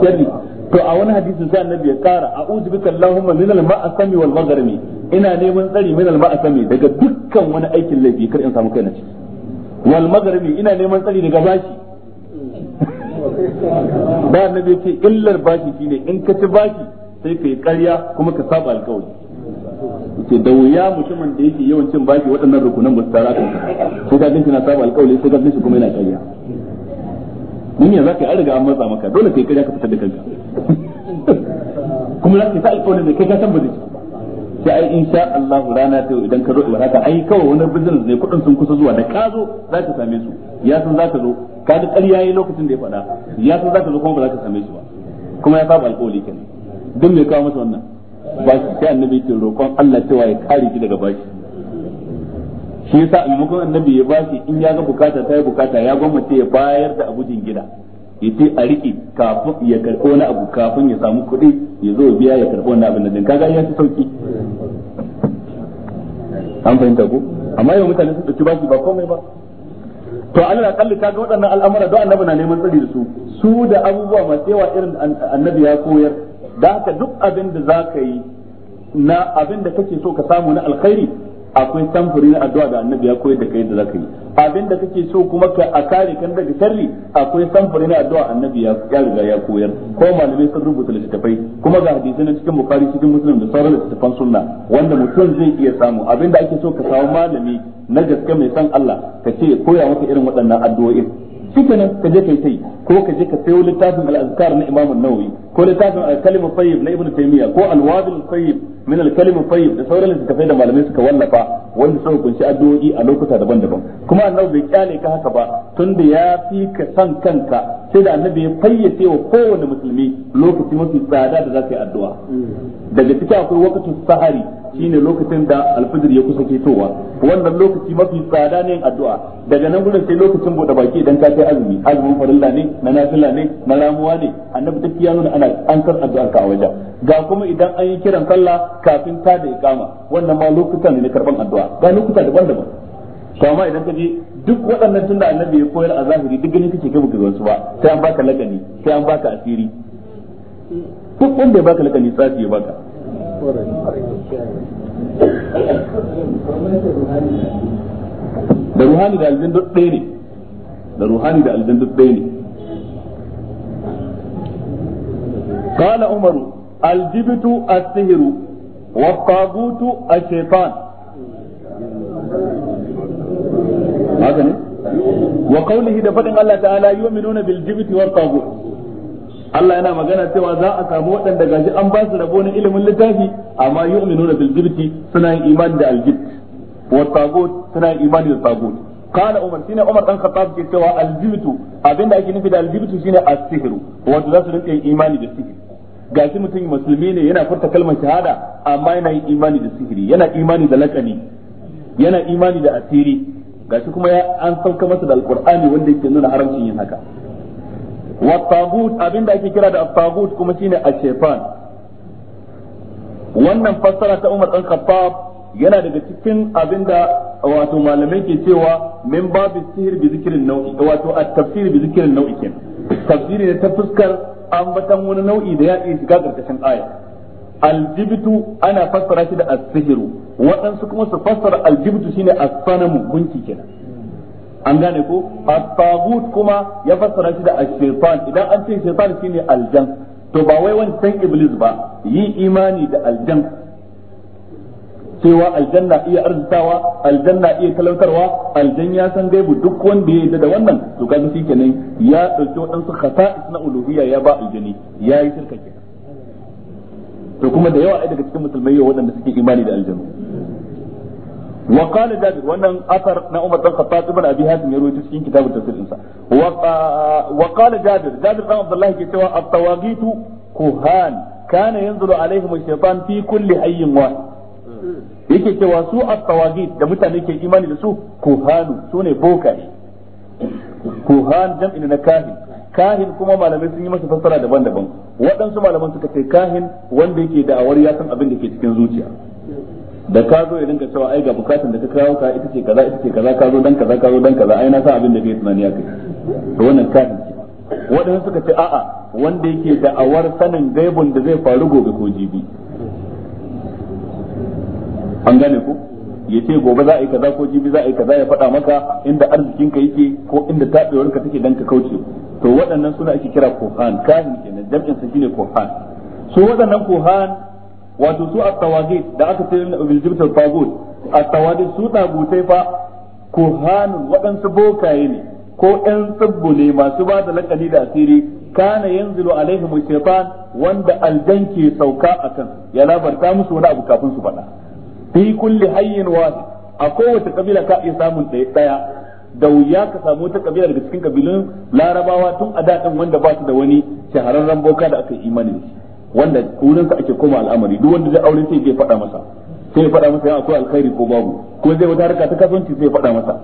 sharri to a wani hadisin sai annabi ya kara a'udhu bika allahumma min al-ma'asami wal maghrimi ina neman tsari min al-ma'asami daga dukkan wani aikin laifi kar in samu kai na ciki wal maghrimi ina neman tsari daga bashi ba annabi ce illar bashi shine in ka ci bashi sai kai ƙarya kuma ka saba alƙawari ce da wuya mutumin da yake yawan cin bashi waɗannan rukunan ba su tara kan sai ka ganci na saba alƙawari sai ka ganci kuma yana ƙarya mun ya zaka an riga an matsa maka dole kai kariya ka fitar da kanka kuma za ka sa alƙawarin da kai ka san ba zai sai ai insha Allah rana ta idan ka zo da ka ai kawai wani business ne kudin sun kusa zuwa da ka zo za ka same su ya san za ka zo ka ji ƙarya yayi lokacin da ya faɗa ya san za ka zo kuma ba za ka same su ba kuma ya saba alƙawari kenan duk mai kawo masa wannan ba shi sai annabi ke roƙon Allah cewa ya kare shi daga bashi shi yasa a maimakon annabi ya bashi in ya ga bukata ta yi bukata ya gwammace ya bayar da abu jingina ce a riƙe kafin ya karɓo wani abu kafin ya samu kuɗi ya zo biya ya karɓo wani abin da kaga ya fi sauki an fahimta ko amma yau mutane sun ɗauki bashi ba komai ba to Allah kalli kaga waɗannan al'amura don annabi na neman tsari da su su da abubuwa masu yawa irin annabi ya koyar da haka duk abin da za ka yi na abin da kake so ka samu na alkhairi akwai samfuri na addu'a da annabi ya koyar da kai da zaka yi abin da kake so kuma ka a kare kan daga sharri akwai samfuri na addu'a annabi ya riga ya koyar ko malamai sun rubuta littafai kuma ga hadisi na cikin bukari cikin muslim da sauran littafan sunna wanda mutum zai iya samu abin da ake so ka samu malami na gaske mai san Allah ka ce koya maka irin waɗannan addu'oi shikenan ka je kai tai ko ka je ka sayo littafin al-azkar na Imam an-Nawawi ko littafin al-kalim tayyib na Ibn Taymiyyah ko al-wabil tayyib min al-kalim tayyib da sauran littafai da malamai suka wallafa wanda suka kunshi addu'o'i a lokuta daban-daban kuma annabi bai kyale ka haka ba tunda ya fi ka san kanka sai da annabi ya fayyace wa kowane musulmi lokaci mafi tsada da za ka yi addu'a mm. daga ciki akwai waqtu sahari shine lokacin da alfajir ya kusa fitowa wannan lokaci mafi tsada ne addu'a daga nan gurin sai lokacin bude baki idan ka kai azumi azumin farilla ne na nafila ne na ramuwa ne annabi duk ya nuna ana an san addu'ar ka a ga kuma idan an yi kiran sallah kafin ta da iqama wannan ma lokutan ne na karban addu'a ga lokuta daban-daban to amma idan ka je duk waɗannan tunda annabi ya koyar a zahiri duk ganin kake kai baka gansu ba sai an baka lagani sai an baka asiri duk wanda ya baka lagani tsafi ya baka da ruhani da aljin duk ɗaya ne da ruhani da aljin duk ɗaya ne kala umaru aljibitu a sihiru wa kagutu a shefan ne wa kaunihi da faɗin Allah ta'ala yi wa minuna biljibiti wa kagutu Allah yana magana cewa za a samu waɗanda gashi an ba su rabo na ilimin littafi amma yu'minuna bil jibti suna yin imani da aljibt wa tagut suna yin imani da tagut kana umar shine umar dan khattab ke cewa aljibtu abinda ake nufi da aljibitu shine as sihiru wato za su rinka yin imani da sihiri gashi mutum musulmi ne yana furta kalmar shahada amma yana yin imani da sihiri yana imani da laƙani yana imani da asiri gashi kuma an sauka masa da alqur'ani wanda yake nuna haramcin yin haka wa tagut abinda ake kira da tagut kuma shine ashefan wannan fassara ta Umar dan Khattab yana daga cikin abinda wato malamai ke cewa min babu sihir bi zikirin nau'i wato a tafsir bi zikirin nau'i kin tafsiri ne ta fuskar ambatan wani nau'i da ya iya shiga karkashin aya aljibitu ana fassara shi da as-sihiru waɗansu kuma su fassara aljibitu shine as-sanamu gunki kenan an gane ko at-taghut kuma ya fassara shi da ash-shaytan idan an ce shaytan shine aljan to ba wai wancan iblis ba yi imani da aljan cewa aljanna iya arzikawa aljanna iya talautarwa aljan ya san gaibu duk wanda ya yi da wannan to shi kenan ya dauki waɗansu khata na uluhiyya ya ba aljani ya yi shirka kenan to kuma da yawa ai daga cikin musulmai yau waɗanda suke imani da aljanu wa qala jabir wannan asar na Umar dan Khattab ibn Abi Hatim ya rawaito cikin kitabun tafsirin sa wa qala jabir jabir dan Abdullah ke cewa at-tawagitu kuhan kana yanzuru alaihim ash-shaytan fi kulli hayyin wahid yake cewa su at-tawagit da mutane ke imani da su kuhanu sune bokaye kuhan jam'in na kahin kahin kuma malamai sun yi masa fassara daban-daban waɗansu malaman suka ce kahin wanda da a wari ya san abin da ke cikin zuciya da ka zo idan ka cewa ai ga bukatun da ka kawo ka ita ce kaza ita ce kaza ka zo dan kaza ka zo dan kaza ai na san abin da kai tunani akai to wannan kafin ce wadanda suka ce a'a wanda yake da'awar sanin gaibun da zai faru gobe ko jibi an gane ku yace gobe za a yi kaza ko jibi za a yi kaza ya faɗa maka inda arzikinka yake ko inda tabewarka take dan ka kauce to waɗannan suna ake kira kohan kafin kenan jam'in sa shine kohan su waɗannan kohan wato su a tawagit da aka ce na ubizibta tagut a tawagit su tagutai fa hanun waɗansu bokaye ne ko ƴan tsibbu ne masu ba da lakali da asiri kana yanzilu alaihi shaytan wanda aljan sauka akan ya labarta musu wani abu kafin su faɗa fi kulli hayyin wahid a kowace kabila ka iya samun ɗaya ɗaya da wuya ka samu wata kabila daga cikin kabilun larabawa tun a daɗin wanda ba su da wani shahararren boka da aka imani wanda kunan sa ake koma al'amari duk wanda zai aure sai ya faɗa masa sai ya faɗa masa ya akwai alkhairi ko babu ko zai wata harka ta kasuwanci sai ya faɗa masa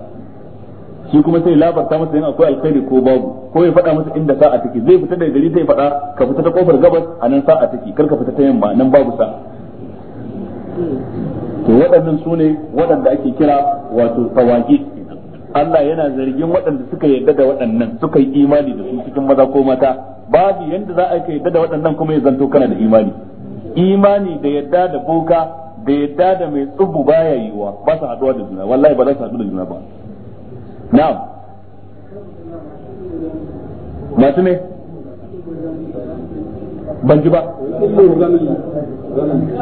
shi kuma sai labarta masa yana akwai alkhairi ko babu ko ya faɗa masa inda sa'a take zai fita daga gari sai ya faɗa ka fita ta kofar gabas a nan sa'a take kar ka fita ta yamma nan babu sa. to waɗannan su ne waɗanda ake kira wato tawagi Allah yana zargin waɗanda suka yarda da waɗannan suka yi imani da su cikin maza ko mata babu yanda za a kai da waɗannan kuma ya zanto kana da imani imani da yadda da boka da yadda da mai tsubu baya yiwa ba su haɗuwa da juna wallahi ba za su haɗu da juna ba na'am masu ne ban ji ba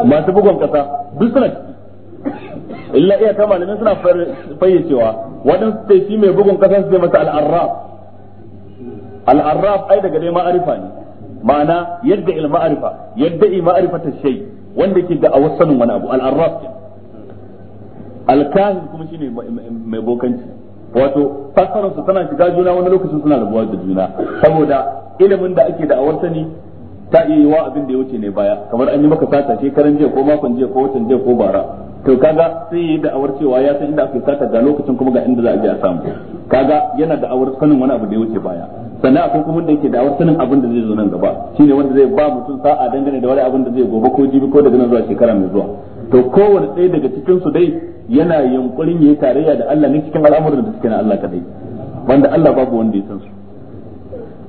masu bugon kasa duk suna illa iya kama malamin suna fayyacewa waɗansu sai shi mai bugun kasa su zai masa al'arra. al ai daga dai ma'arifa ne ma'ana yadda il ma'arifa yadda i ma'arifata shai wanda ke da awasanin wani abu al al-kahin kuma shine mai bokanci wato fassarar tana shiga juna wani lokacin suna rabuwa da juna saboda ilimin da ake da awar ta iya yi wa abin da ya wuce ne baya kamar an yi maka sata shekaran jiya ko makon jiya ko watan jiya ko bara to kaga sai yi da'awar cewa ya san inda aka sata ga lokacin kuma ga inda za a je a samu kaga yana da'awar sanin wani abu da ya wuce baya sannan akwai kuma da yake da'awar sanin abin da zai zo nan gaba shine wanda zai ba mutum sa'a dangane da wani abin da zai gobe ko jibi ko daga nan zuwa shekara mai zuwa to kowane ɗaya daga cikin su dai yana yunkurin yayi tarayya da Allah ne cikin al'amuran da suke na Allah kadai wanda Allah babu wanda ya san su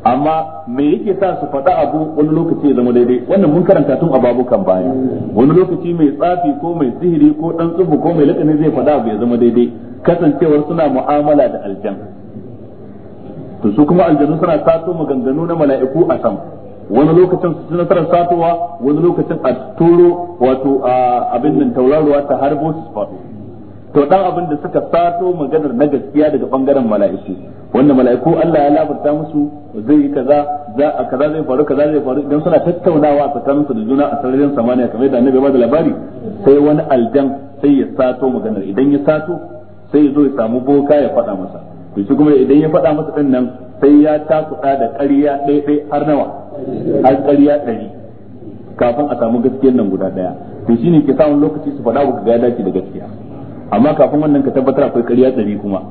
amma me yake sa su faɗa abu wani lokaci ya zama daidai wannan mun karanta tun a babukan baya wani lokaci mai tsafi ko mai sihiri ko dan tsubu ko mai lakani zai faɗa abu ya zama daidai kasancewar suna mu'amala da aljan to su kuma aljanu suna sato maganganu na mala'iku a sama wani lokacin su nasarar satowa wani lokacin a turo wato abin nan tauraruwa ta harbo su faɗo to dan abin da suka sato maganar na gaskiya daga bangaren mala'iku wanda mala'iku Allah ya labarta musu zai yi kaza za a kaza zai faru kaza zai faru idan suna tattaunawa a su da juna a sararin samaniya kamar yadda annabi ba da labari sai wani aljan sai ya sato maganar idan ya sato sai ya zo ya samu boka ya faɗa masa to shi kuma idan ya faɗa masa din sai ya takuɗa da ƙarya ɗaya ɗaya har nawa har ƙarya ɗari kafin a samu gaskiyar nan guda ɗaya to shine ke samun lokaci su faɗa ba ga dace da gaskiya amma kafin wannan ka tabbatar akwai ƙarya tsari kuma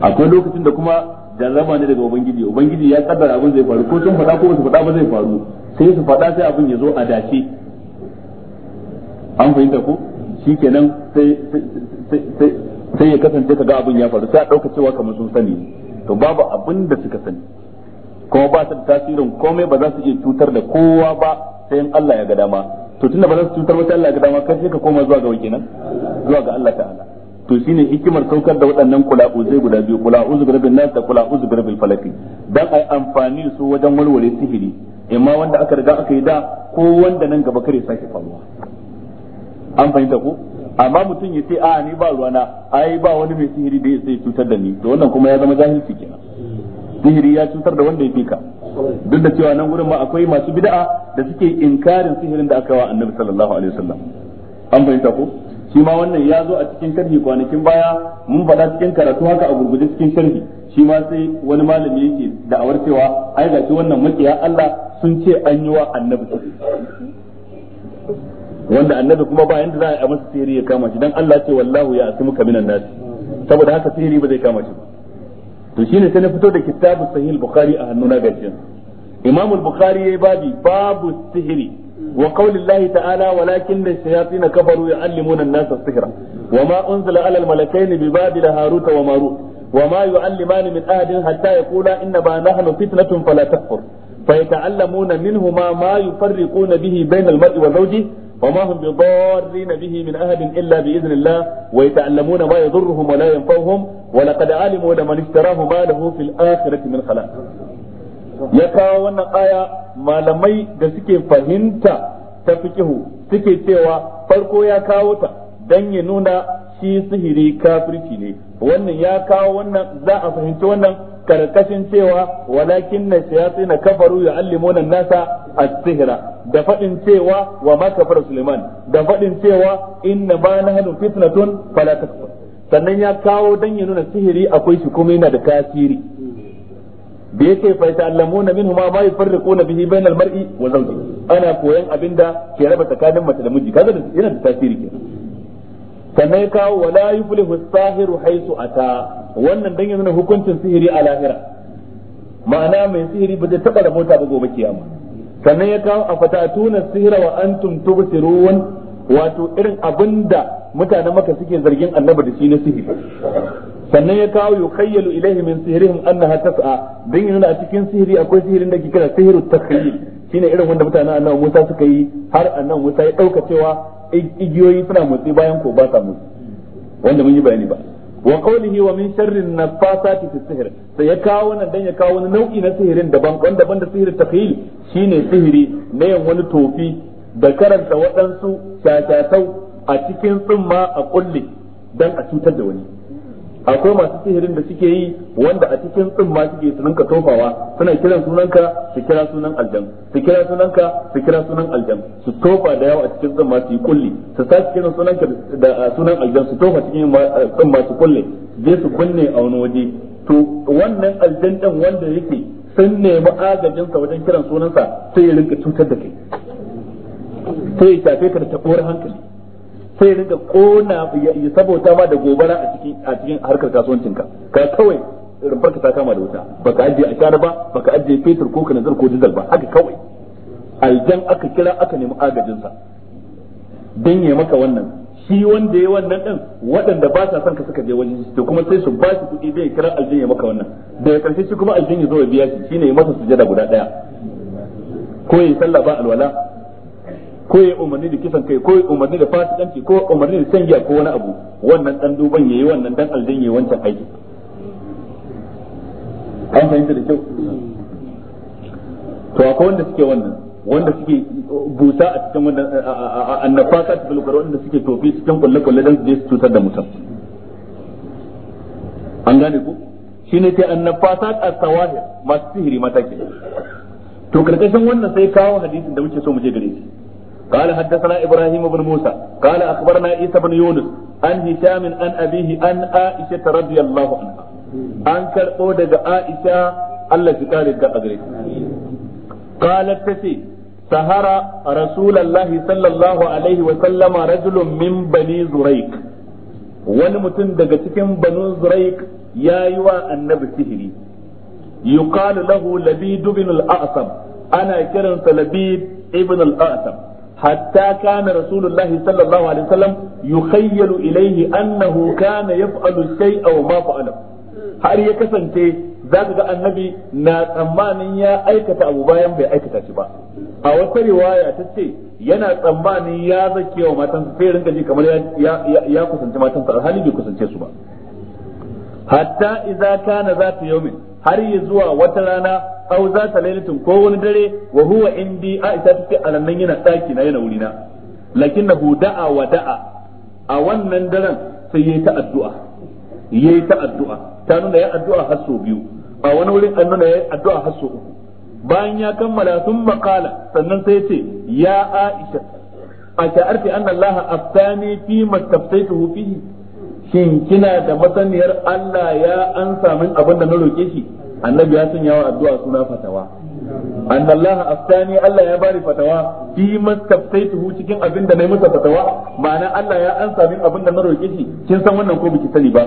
akwai lokacin da kuma jarraba ne daga ubangiji ubangiji ya kaddara abin zai faru ko sun faɗa ko su faɗa ba zai faru sai su faɗa sai abin ya zo a dace an fahimta ko shikenan sai sai ya kasance kaga abin ya faru sai a ɗauka cewa kamar sun sani to babu abin da suka sani kuma ba su da tasirin komai ba za su iya cutar da kowa ba sai in Allah ya ga dama to tunda ba za su cutar ba sai Allah ya ga dama kai sai ka koma zuwa ga wake nan zuwa ga Allah ta'ala to shine hikimar saukar da waɗannan kula'u zai guda biyu kula'u zubirbin nas da kula'u zubirbin falaki dan ai amfani su wajen warware sihiri imma wanda aka riga aka yi da ko wanda nan gaba kare sake faruwa an fahimta ko amma mutum ya ce a ni ba ruwana ai ba wani mai sihiri da ya sai cutar da ni to wannan kuma ya zama jahilci kenan sihiri ya cutar da wanda ya fika duk da cewa nan gurin ma akwai masu bid'a da suke inkarin sihirin da aka wa annabi sallallahu alaihi wasallam an fahimta ko shi ma wannan ya zo a cikin sharhi kwanakin baya mun faɗa cikin karatu haka a gurguje cikin sharhi shi ma sai wani malami yake da'awar cewa ai shi wannan makiya Allah sun ce an yi wa annabi wanda annabi kuma ba yanda za a yi masa sihiri ya kama shi dan Allah ce wallahu ya asmuka minan nas saboda haka sihiri ba zai kama shi ba to shine sai na fito da kitabu sahih al-bukhari a hannuna ga shi imam al-bukhari yayi babi babu sihiri wa qawli allah ta'ala walakin ash-shayatin kafaru yu'allimuna an-nasa as-sihra wa ma unzila 'ala al-malakaini bi babil harut wa marut wa ma yu'allimani min ahadin hatta yaqula inna ba nahnu fitnatun fala takfur فيتعلمون منهما ما يفرقون به بين wa وزوجه وما هم بضارين به من أحد إلا بإذن الله ويتعلمون ما يضرهم ولا ينفعهم ولقد علموا لمن اشتراه ما في الآخرة من خلاق ya kawo wannan aya malamai da suke fahimta ta fikihu suke cewa farko ya kawo ta don ya nuna shi sihiri kafirci ne wannan ya kawo wannan za a fahimci wannan karkashin cewa walakin na na kafaru nan nasa a sihira da faɗin cewa wa ma kafara Suleiman da faɗin cewa inna ba na nahnu fitnatun fala sannan ya kawo dan ya nuna sihiri akwai shi kuma yana da tasiri da yake fa ta'allamuna minhu ma ma na bihi bainal mar'i wa zawji ana koyan abinda ke raba tsakanin mace da miji kaga yana da tasiri kenan sannan ya kawo wala yuflihu as-sahiru haythu ata wannan dan yanzu hukuncin sihiri a lahira ma'ana mai sihiri ba zai taba mota ba gobe kiyama sannan ya kawo a fatatuna sihira wa antum tubsirun wato irin abinda mutanen maka suke zargin annabi da shi na sihiri sannan ya kawo yukayyalu ilaihi min sihirihim annaha tas'a dan yanzu a cikin sihiri akwai sihirin da ke kira sihiru takhyil shine irin wanda mutanen annabi Musa suka yi har annabi Musa ya dauka cewa igiyoyi suna motsi bayan ko ba sa motsi wanda mun yi bayani ba wa qawlihi wa min sharri nafasati fi sihr sai ya kawo nan dan ya kawo wani nau'i na sihirin daban wanda banda sihirin takhil shine sihiri na yan wani tofi da karanta waɗansu shashatau a cikin tsumma a kulli dan a cutar da wani akwai masu sihirin da suke yi wanda a cikin tsumma suke su ninka tofawa suna kiran sunanka su kira sunan aljan su kira sunanka su kira sunan aljan su tofa da yawa a cikin tsumma su yi kulli su sake kiran sunanka da sunan aljan su tofa cikin tsumma su kulle je su kunne a wani waje to wannan aljan din wanda yake sun nemi sa wajen kiran sunansa sai ya rinka cutar da kai sai ya shafe ka da tabuwar hankali sai rinka kona ya sabota ma da gobara a cikin a cikin harkar kasuwancinka ka kawai rubar ka ta kama da wuta baka ajiye ashara ba baka ajiye fetur ko kanazar ko dizal ba haka kawai aljan aka kira aka nemi sa dan ya maka wannan shi wanda ya wannan din waɗanda ba sa son ka suka je wajen shi to kuma sai su ba shi kuɗi zai kira aljan ya maka wannan daga karshe shi kuma aljan ya zo ya biya shi shine ya masa sujada guda daya ko ya sallah ba alwala ko ya umarni da kisan kai ko ya umarni da fasikanci ko umarni da sanya ko wani abu wannan dan duban yayi wannan dan aljin yayi wancan aiki an fahimta da kyau to akwai wanda suke wannan wanda suke busa a cikin wannan annafaka ta bulgar wanda suke tofi cikin kullu kullu dan su je su tutar da mutum an gane ku shine ta annafasa ta sawahir masu sihiri mataki to karkashin wannan sai kawo hadisin da muke so mu je gare shi قال حدثنا ابراهيم بن موسى قال اخبرنا عيسى بن يونس عن هشام عن ابيه عن عائشه رضي الله عنها عن كربو دغ عائشه الله تكاري دغ قالت تسي سهر رسول الله صلى الله عليه وسلم رجل من بني زريق wani mutum daga cikin banu zuraik ya yi wa annabi sihiri yuqalu lahu labid ibn al-a'sam ana kiransa labid ibn al-a'sam حتى كان رسول الله صلى الله عليه وسلم يخيل إليه أنه كان يفعل الشيء أو ما فعله har ya kasance za ka ga annabi na tsammanin ya aikata abu bayan bai aikata shi ba a wata riwaya ta ce yana tsammanin ya zake wa matansa sai ji kamar ya kusanci matansa alhali bai kusance su ba hatta idza kana zata yawmin har yi zuwa wata rana Hau za ta lailatin ko wani dare wa huwa indi aisha tace alannan yana tsaki na yana wurina na da'a wa da'a a wannan daren sai yayi ta addu'a yayi ta addu'a ta nuna ya addu'a har sau biyu a wani wurin an nuna yayi addu'a har sau uku bayan ya kammala sun maƙala, sannan sai ce ya aisha a sha'arti anna allaha aftani fi mastaftaytuhu fihi shin kina da masaniyar Allah ya ansa min abin da na roke shi annabi ya sanya wa addu'a suna fatawa anna Allah Allah ya bari fatawa fi tuhu cikin abin da nayi masa fatawa ma'ana Allah ya ansa min abin da na roke shi kin san wannan ko biki sani ba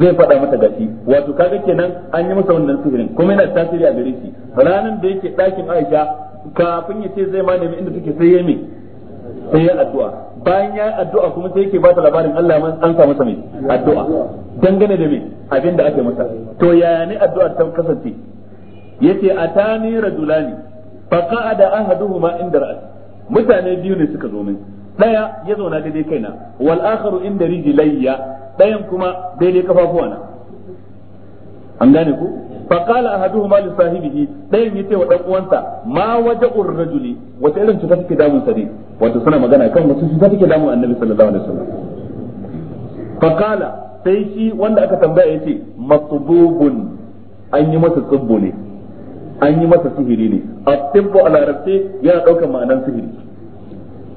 zai faɗa mata gashi wato kaga kenan an yi masa wannan sihirin kuma yana tasiri a gare shi ranan da yake ɗakin Aisha kafin ya ce zai ma nemi inda take sai ya me sai ya addu'a bayan ya addu'a kuma sai yake bata ta labarin Allah man an sa masa mai addu'a dangane da mai abin da ake masa to yaya ne addu'ar ta kasance yace atani rajulani fa qa'ada ahaduhuma inda ra'si mutane biyu ne suka zo min daya ya zauna daidai kaina wal akharu inda rijlayya dayan kuma daidai kafafuwana an gane ku fa qala ahaduhuma li sahibihi dayan yace wa dan uwansa ma waja'ur rajuli wata irin cuta take damun sa ne wato suna magana kan wasu shi take damu annabi sallallahu alaihi wasallam fa qala sai shi wanda aka tambaya yace matbubun an yi masa tsubbu ne an yi masa sihiri ne at-tibbu ala rabbi yana daukar ma'anar sihiri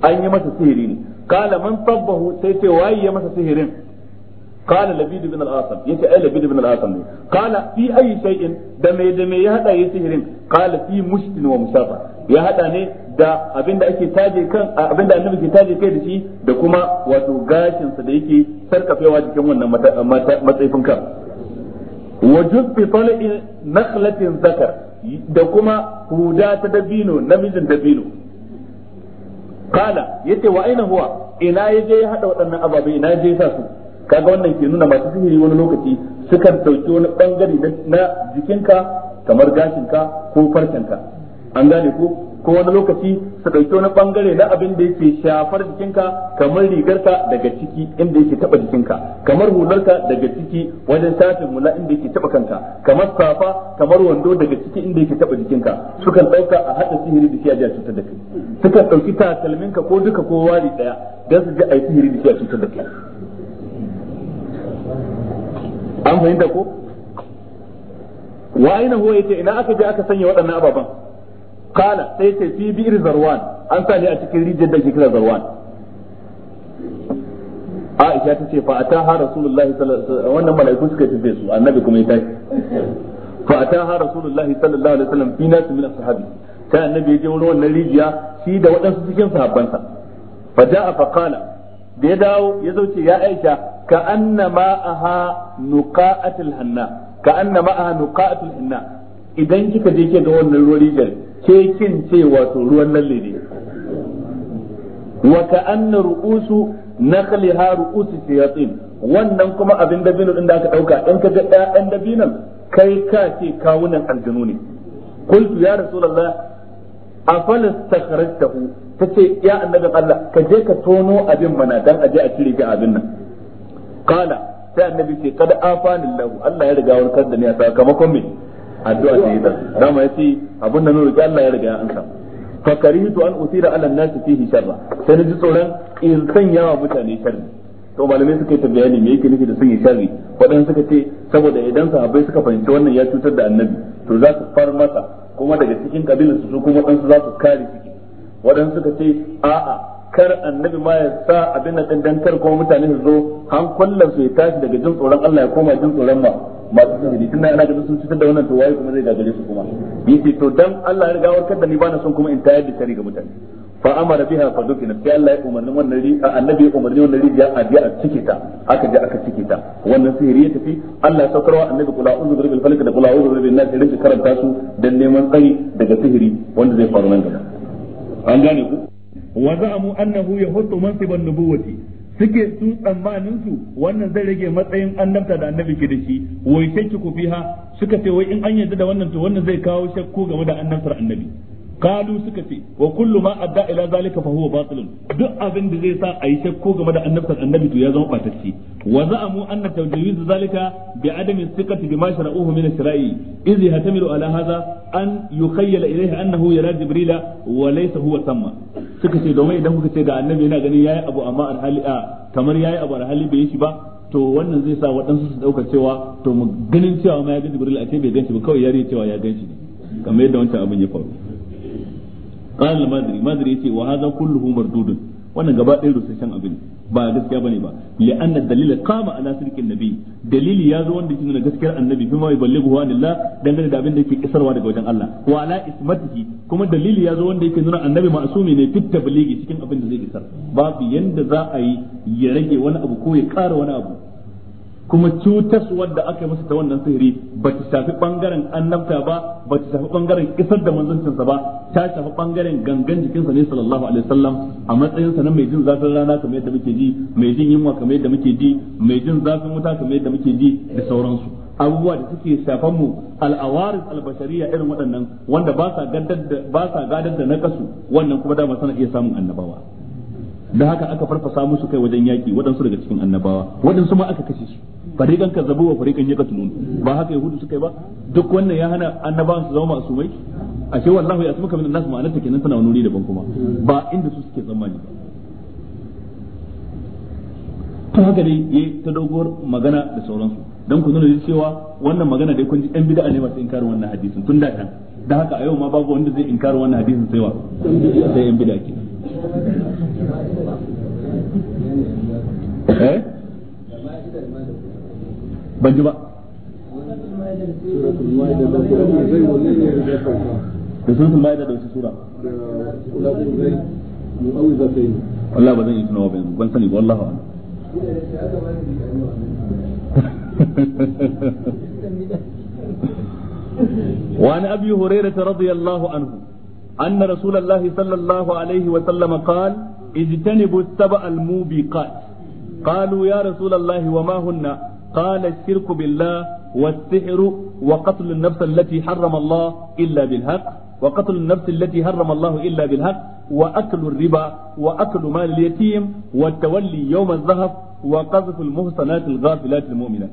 an yi masa sihiri ne kala man tabbahu sai ce waye ya masa sihirin qala labid ibn al-asam yace ai labid ibn al-asam ne qala fi ayi shay'in da me da me ya haɗa yayi sihirin qala fi mushtin wa ya haɗa ne da abinda ake taje kan abinda annabi ke taje kai da shi da kuma wato gashin sa da yake sarkafewa cikin wannan matsayin ka. wa jubbi tal'i nakhlatin zakar da kuma huda ta dabino namijin dabino kala yace wa aina huwa ina yaje ya hada waɗannan ababai ina yaje ya sa su kaga wannan ke nuna masu sihiri wani lokaci sukan dauki wani bangare na jikinka kamar gashinka ko farcenka an gane ko ko wani lokaci su dauki wani bangare na abin da yake shafar jikinka kamar rigarka daga ciki inda yake taba jikinka kamar hularka daga ciki wajen shafin mula inda yake taba kanka kamar safa kamar wando daga ciki inda yake taba jikinka sukan dauka a hada sihiri da shiya a cutar da kai sukan dauki takalminka ko duka ko wari daya dan su ji ai sihiri da shiya cutar da kai an fahimta ko wa aina huwa yace ina aka je aka sanya waɗannan ababan qala sai yace fi bi'r zarwan an sa ne a cikin rijiyar da ke kira zarwan Aisha ta ce fa ataha rasulullahi sallallahu alaihi wannan mala'iku suka tafi su annabi kuma ya tashi fa ataha rasulullahi sallallahu alaihi wasallam fi nas min ashabi sai annabi ya je wurin wannan rijiya shi da waɗansu cikin sahabbansa fa ja'a fa da ya dawo ya zauce ya aisha ka anna ma'aha nuqa'atul hanna ka anna ma'aha nuqa'atul hanna idan kika je ke ga wannan ruwan rigar ke kin ce wato ruwan lalle ne wa ka anna ru'usu nakhliha ru'usu shayatin wannan kuma abin dabino din da aka dauka in ka ga ɗayan dabinon kai ka ce kawunan aljanu ne kultu ya rasulullah afal istakhrajtahu tace ya annabin Allah ka je ka tono abin mana dan aje a cire ga abin nan qala sai annabi ce kada afani Allah Allah ya riga warkar da ni a sakamakon me addu'a da yadda dama yace abin da nuru Allah ya riga ya ansa fa karitu an usira ala an-nas fihi sharra sai naji tsoron in sanya wa mutane sharri to malamai suka yi bayani me yake nufi da sanya sharri waɗansu suka ce saboda idan sahabbai suka fahimci wannan ya cutar da annabi to za su far masa kuma daga cikin kabilin su kuma waɗansu za su kare ciki waɗansu suka ce a'a kar annabi ma ya sa abin da dan kar kuma mutane su zo hankulan su ya tashi daga jin tsoron Allah ya koma jin tsoron ma masu sihiri tunda ana ganin sun cutar da wannan to waye kuma zai gagare su kuma yace to dan Allah ya riga warkar da ni bana son kuma in tayar da shari ga mutane fa amara biha fa dukina sai Allah ya umarni wannan riga annabi ya umarni wannan riga a je a cike ta aka je aka cike ta wannan sihiri ya tafi Allah ya saukarwa annabi kula unzur bil falak da kula unzur bil nas rinka karanta su dan neman tsari daga sihiri wanda zai faru nan gaba an gane ku wa za'amu annahu yahuttu mansiban nubuwati suke su tsammanin su wannan zai rage matsayin annabta da annabi ke da shi wai shakku fiha suka ce wai in an yarda da wannan to wannan zai kawo shakku game da annabtar annabi kalu suka ce wa kullu ma adda ila zalika fa huwa batilun duk abin da zai sa a yi shakku game da annabtar annabi to ya zama batacci wa za'amu anna tawjiz zalika bi adami thiqati bima shara'uhu min shara'i idh yahtamilu ala hadha an yukhayyal ilayhi annahu yara jibrila wa laysa huwa samma suka ce domin idan kuka ce ga annabi yana ganin yayi abu amma alhali a kamar yayi abu alhali bai shi ba to wannan zai sa waɗansu su ɗauka cewa to mu ganin cewa ma ya ga jibril a ce bai ganshi ba kawai yare cewa ya ganshi ne kamar yadda wancan abin ya faru qala al-madri madri yace wa hadha kulluhu mardudun wannan gaba ɗaya rusasshen abin ba gaskiya bane ba li'anna dalila qama ala sirkin nabi dalili ya zo wanda yake gaskiyar annabi fi ma yuballighu la dangane da abin da yake kisarwa daga wajen Allah wa ala ismatihi kuma dalili ya zo wanda yake nuna annabi ma'sumi ne fit tabligi cikin abin da zai kisar babu yadda za a yi ya rage wani abu ko ya ƙara wani abu kuma cutas wadda aka yi masa ta wannan sihiri ba ta shafi bangaren annabta ba ba ta shafi bangaren isar da manzancinsa ba ta shafi bangaren gangan jikinsa ne sallallahu alaihi wasallam a matsayinsa na mai jin zafin rana kamar yadda muke ji mai jin yunwa kamar yadda muke ji mai jin zafin wuta kamar yadda muke ji da sauransu abubuwa da suke shafan mu al'awaris albashariya irin waɗannan wanda ba sa gadar da na kasu wannan kuma dama sana iya samun annabawa da haka aka farfasa musu kai wajen yaki waɗansu daga cikin annabawa waɗansu ma aka kashe su fariqan kazzabu wa fariqan yaqtulun ba haka yahudu suka yi ba duk wannan ya hana annabawan su zama masumai ce wallahi ya tsumuka min nas ma'anarta kenan tana wani daban kuma ba inda su suke tsammani ba to haka dai yayi ta doguwar magana da sauransu dan ku nuna cewa wannan magana dai kun ji ɗan bid'a ne masu inkarin wannan hadisin tun da kan da haka a yau ma babu wanda zai inkarin wannan hadisin sai wa sai ɗan bid'a kenan eh ban ji ba da anhu. وعن ابي هريره رضي الله عنه أن رسول الله صلى الله عليه وسلم قال اجتنبوا السبع الموبقات قالوا يا رسول الله وما هن قال الشرك بالله والسحر وقتل النفس التي حرم الله إلا بالحق وقتل النفس التي حرم الله إلا بالحق وأكل الربا وأكل مال اليتيم والتولي يوم الزهف وقذف المحصنات الغافلات المؤمنات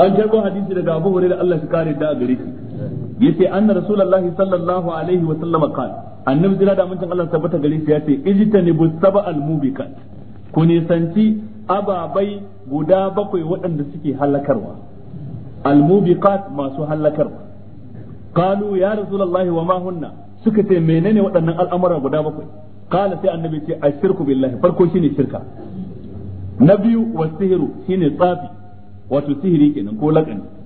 an karbo hadisi daga Abu Hurairah Allah shi kare da gare shi yace anna rasulullahi sallallahu alaihi wa sallama qala annabi jira da mutun Allah tabbata gare shi yace ijtanibu sab'al mubikat ku nisanci ababai guda bakwai waɗanda suke halakarwa al-mubiqat masu halakarwa qalu ya rasulullahi wa ma hunna suka ce menene waɗannan al'amura guda bakwai qala sai annabi ce a ashirku billahi farko shine shirka na biyu wasihiru shine tsafi wato sihiri kenan ko laƙani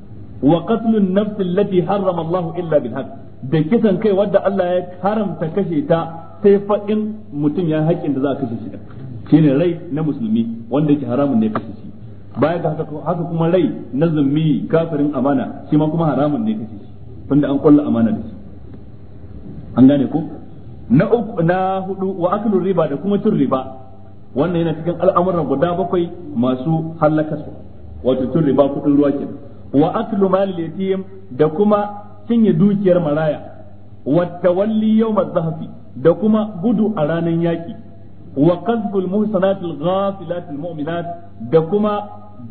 wa qatlun nafs allati harrama Allah illa bil haqq da kisan kai wanda Allah ya haramta kashe ta sai fa in mutum ya haƙin da za a kashe shi shine rai na musulmi wanda yake haramun ne kashe shi baya ga haka kuma rai na zummi kafirin amana shi ma kuma haramun ne kashe shi tunda an kulla amana da shi an gane ko na uku na hudu wa aklu riba da kuma cin riba wannan yana cikin al'amuran guda bakwai masu hallaka su wato cin riba kudin ruwa kenan wa aklu malil yatim da kuma cinye dukiyar maraya wa tawalli yawmaz zahafi da kuma gudu a ranar yaki wa qazful muhsanatil ghafilatil mu'minat da kuma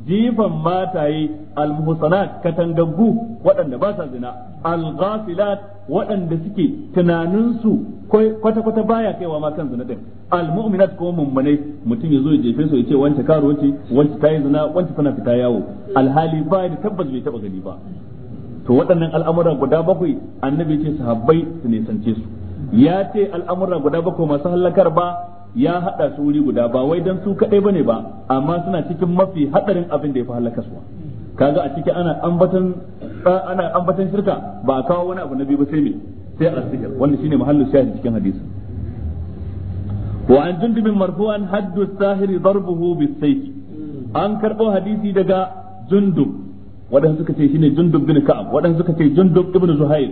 jifan mataye almuhsanat katangaggu waɗanda ba sa zina alghafilat waɗanda suke tunaninsu kwata kwata baya kaiwa ma kan zina din almu'minat ko mummunai mutum ya zo ya jefe su ya ce wance karo ce wance ta yi zina wance tana fita yawo alhali ba da tabbas bai taba gani ba to waɗannan al'amura guda bakwai annabi ce sahabbai su ne sance su ya ce al'amura guda bakwai masu halakar ba ya hada su wuri guda ba wai dan su kadai bane ba amma suna cikin mafi hadarin abin da ya fi halaka su kaga a ciki ana ambatan ana ambatan shirka ba a kawo wani abu na biyu ba sai me sai al-sihr wannan shine mahallin shahi cikin hadisi wa an jundub marfu'an haddu as-sahir darbuhu bis-sayf an karbo hadisi daga jundub wadanda suka ce shine jundub bin ka'ab wadanda suka ce jundub ibn zuhair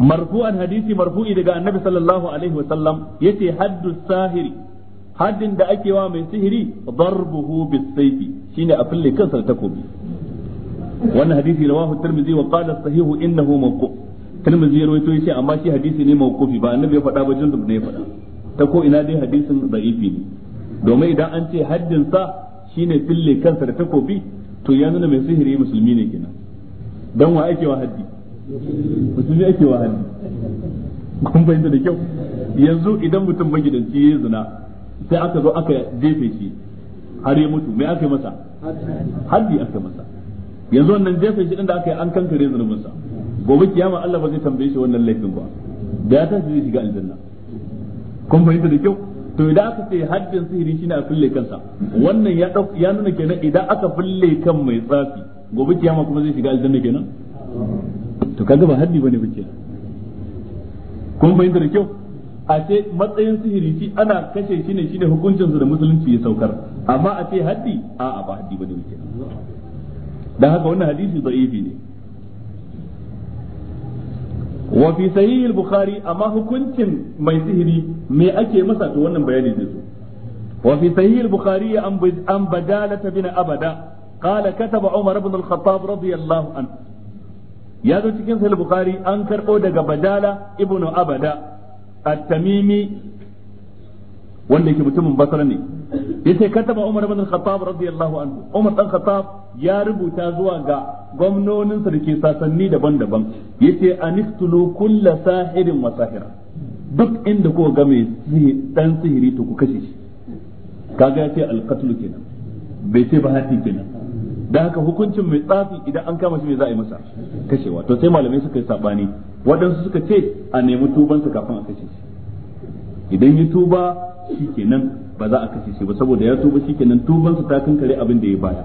marfu'an hadisi marfu'i daga annabi sallallahu alaihi wa sallam yace haddu sahiri haddin da ake wa mai sihiri darbuhu bisayfi shine a fille kansa da takobi wannan hadisi rawahu tirmidhi wa qala sahihu innahu mawqu tirmidhi ya rawaito yace amma shi hadisi ne mawqufi ba annabi ya faɗa ba jundub ne faɗa ta ko ina dai hadisin da'ifi ne domin idan an ce haddin sa shine fille kansa da takobi to ya nuna mai musulmi ne wa wa haddi musulmi ake wa kun fahimta da kyau yanzu idan mutum magidanci ya zina sai aka zo aka jefe shi har ya mutu me aka yi masa haddi aka yi masa yanzu wannan jefe shi din da aka yi an kankare zunubinsa gobe kiyama Allah ba zai tambaye shi wannan laifin ba da ya tashi zai shiga aljanna kun fahimta da kyau to idan aka ce haddin sihiri shine a fille kansa wannan ya ya nuna kenan idan aka fille kan mai tsafi gobe kiyama kuma zai shiga aljanna kenan to kaga ba haddi bane bace kun fahimta da kyau a ce matsayin sihiri shi ana kashe shi ne shine hukuncinsa da musulunci ya saukar amma a ce haddi a'a ba haddi bane bace dan haka wannan hadisi da'ifi ne wa fi sahih al-bukhari amma hukuncin mai sihiri me ake masa to wannan bayani zai zo wa fi sahih al-bukhari an badalata bin abada قال كتب عمر بن الخطاب رضي الله عنه ya zo cikin sahih bukhari an karbo daga badala ibnu abada at-tamimi wanda yake mutumin basra ne yace kataba umar ibn al-khattab radiyallahu anhu umar dan khattab ya rubuta zuwa ga gwamnonin sa dake sasanni daban-daban yace aniftulu kulla sahirin wa sahira duk inda kuka ga mai dan sihiri to ku kashe shi kaga yace al-qatl kenan bai ce ba hati kenan da haka hukuncin mai tsafi idan an kama shi mai za a yi masa kashewa to sai malamai suka yi sabani waɗansu suka ce a nemi tubansa kafin a kashe shi idan ya tuba shikenan ba za a kashe shi ba saboda ya tuba shikenan tubansa ta kankare abin da ya baya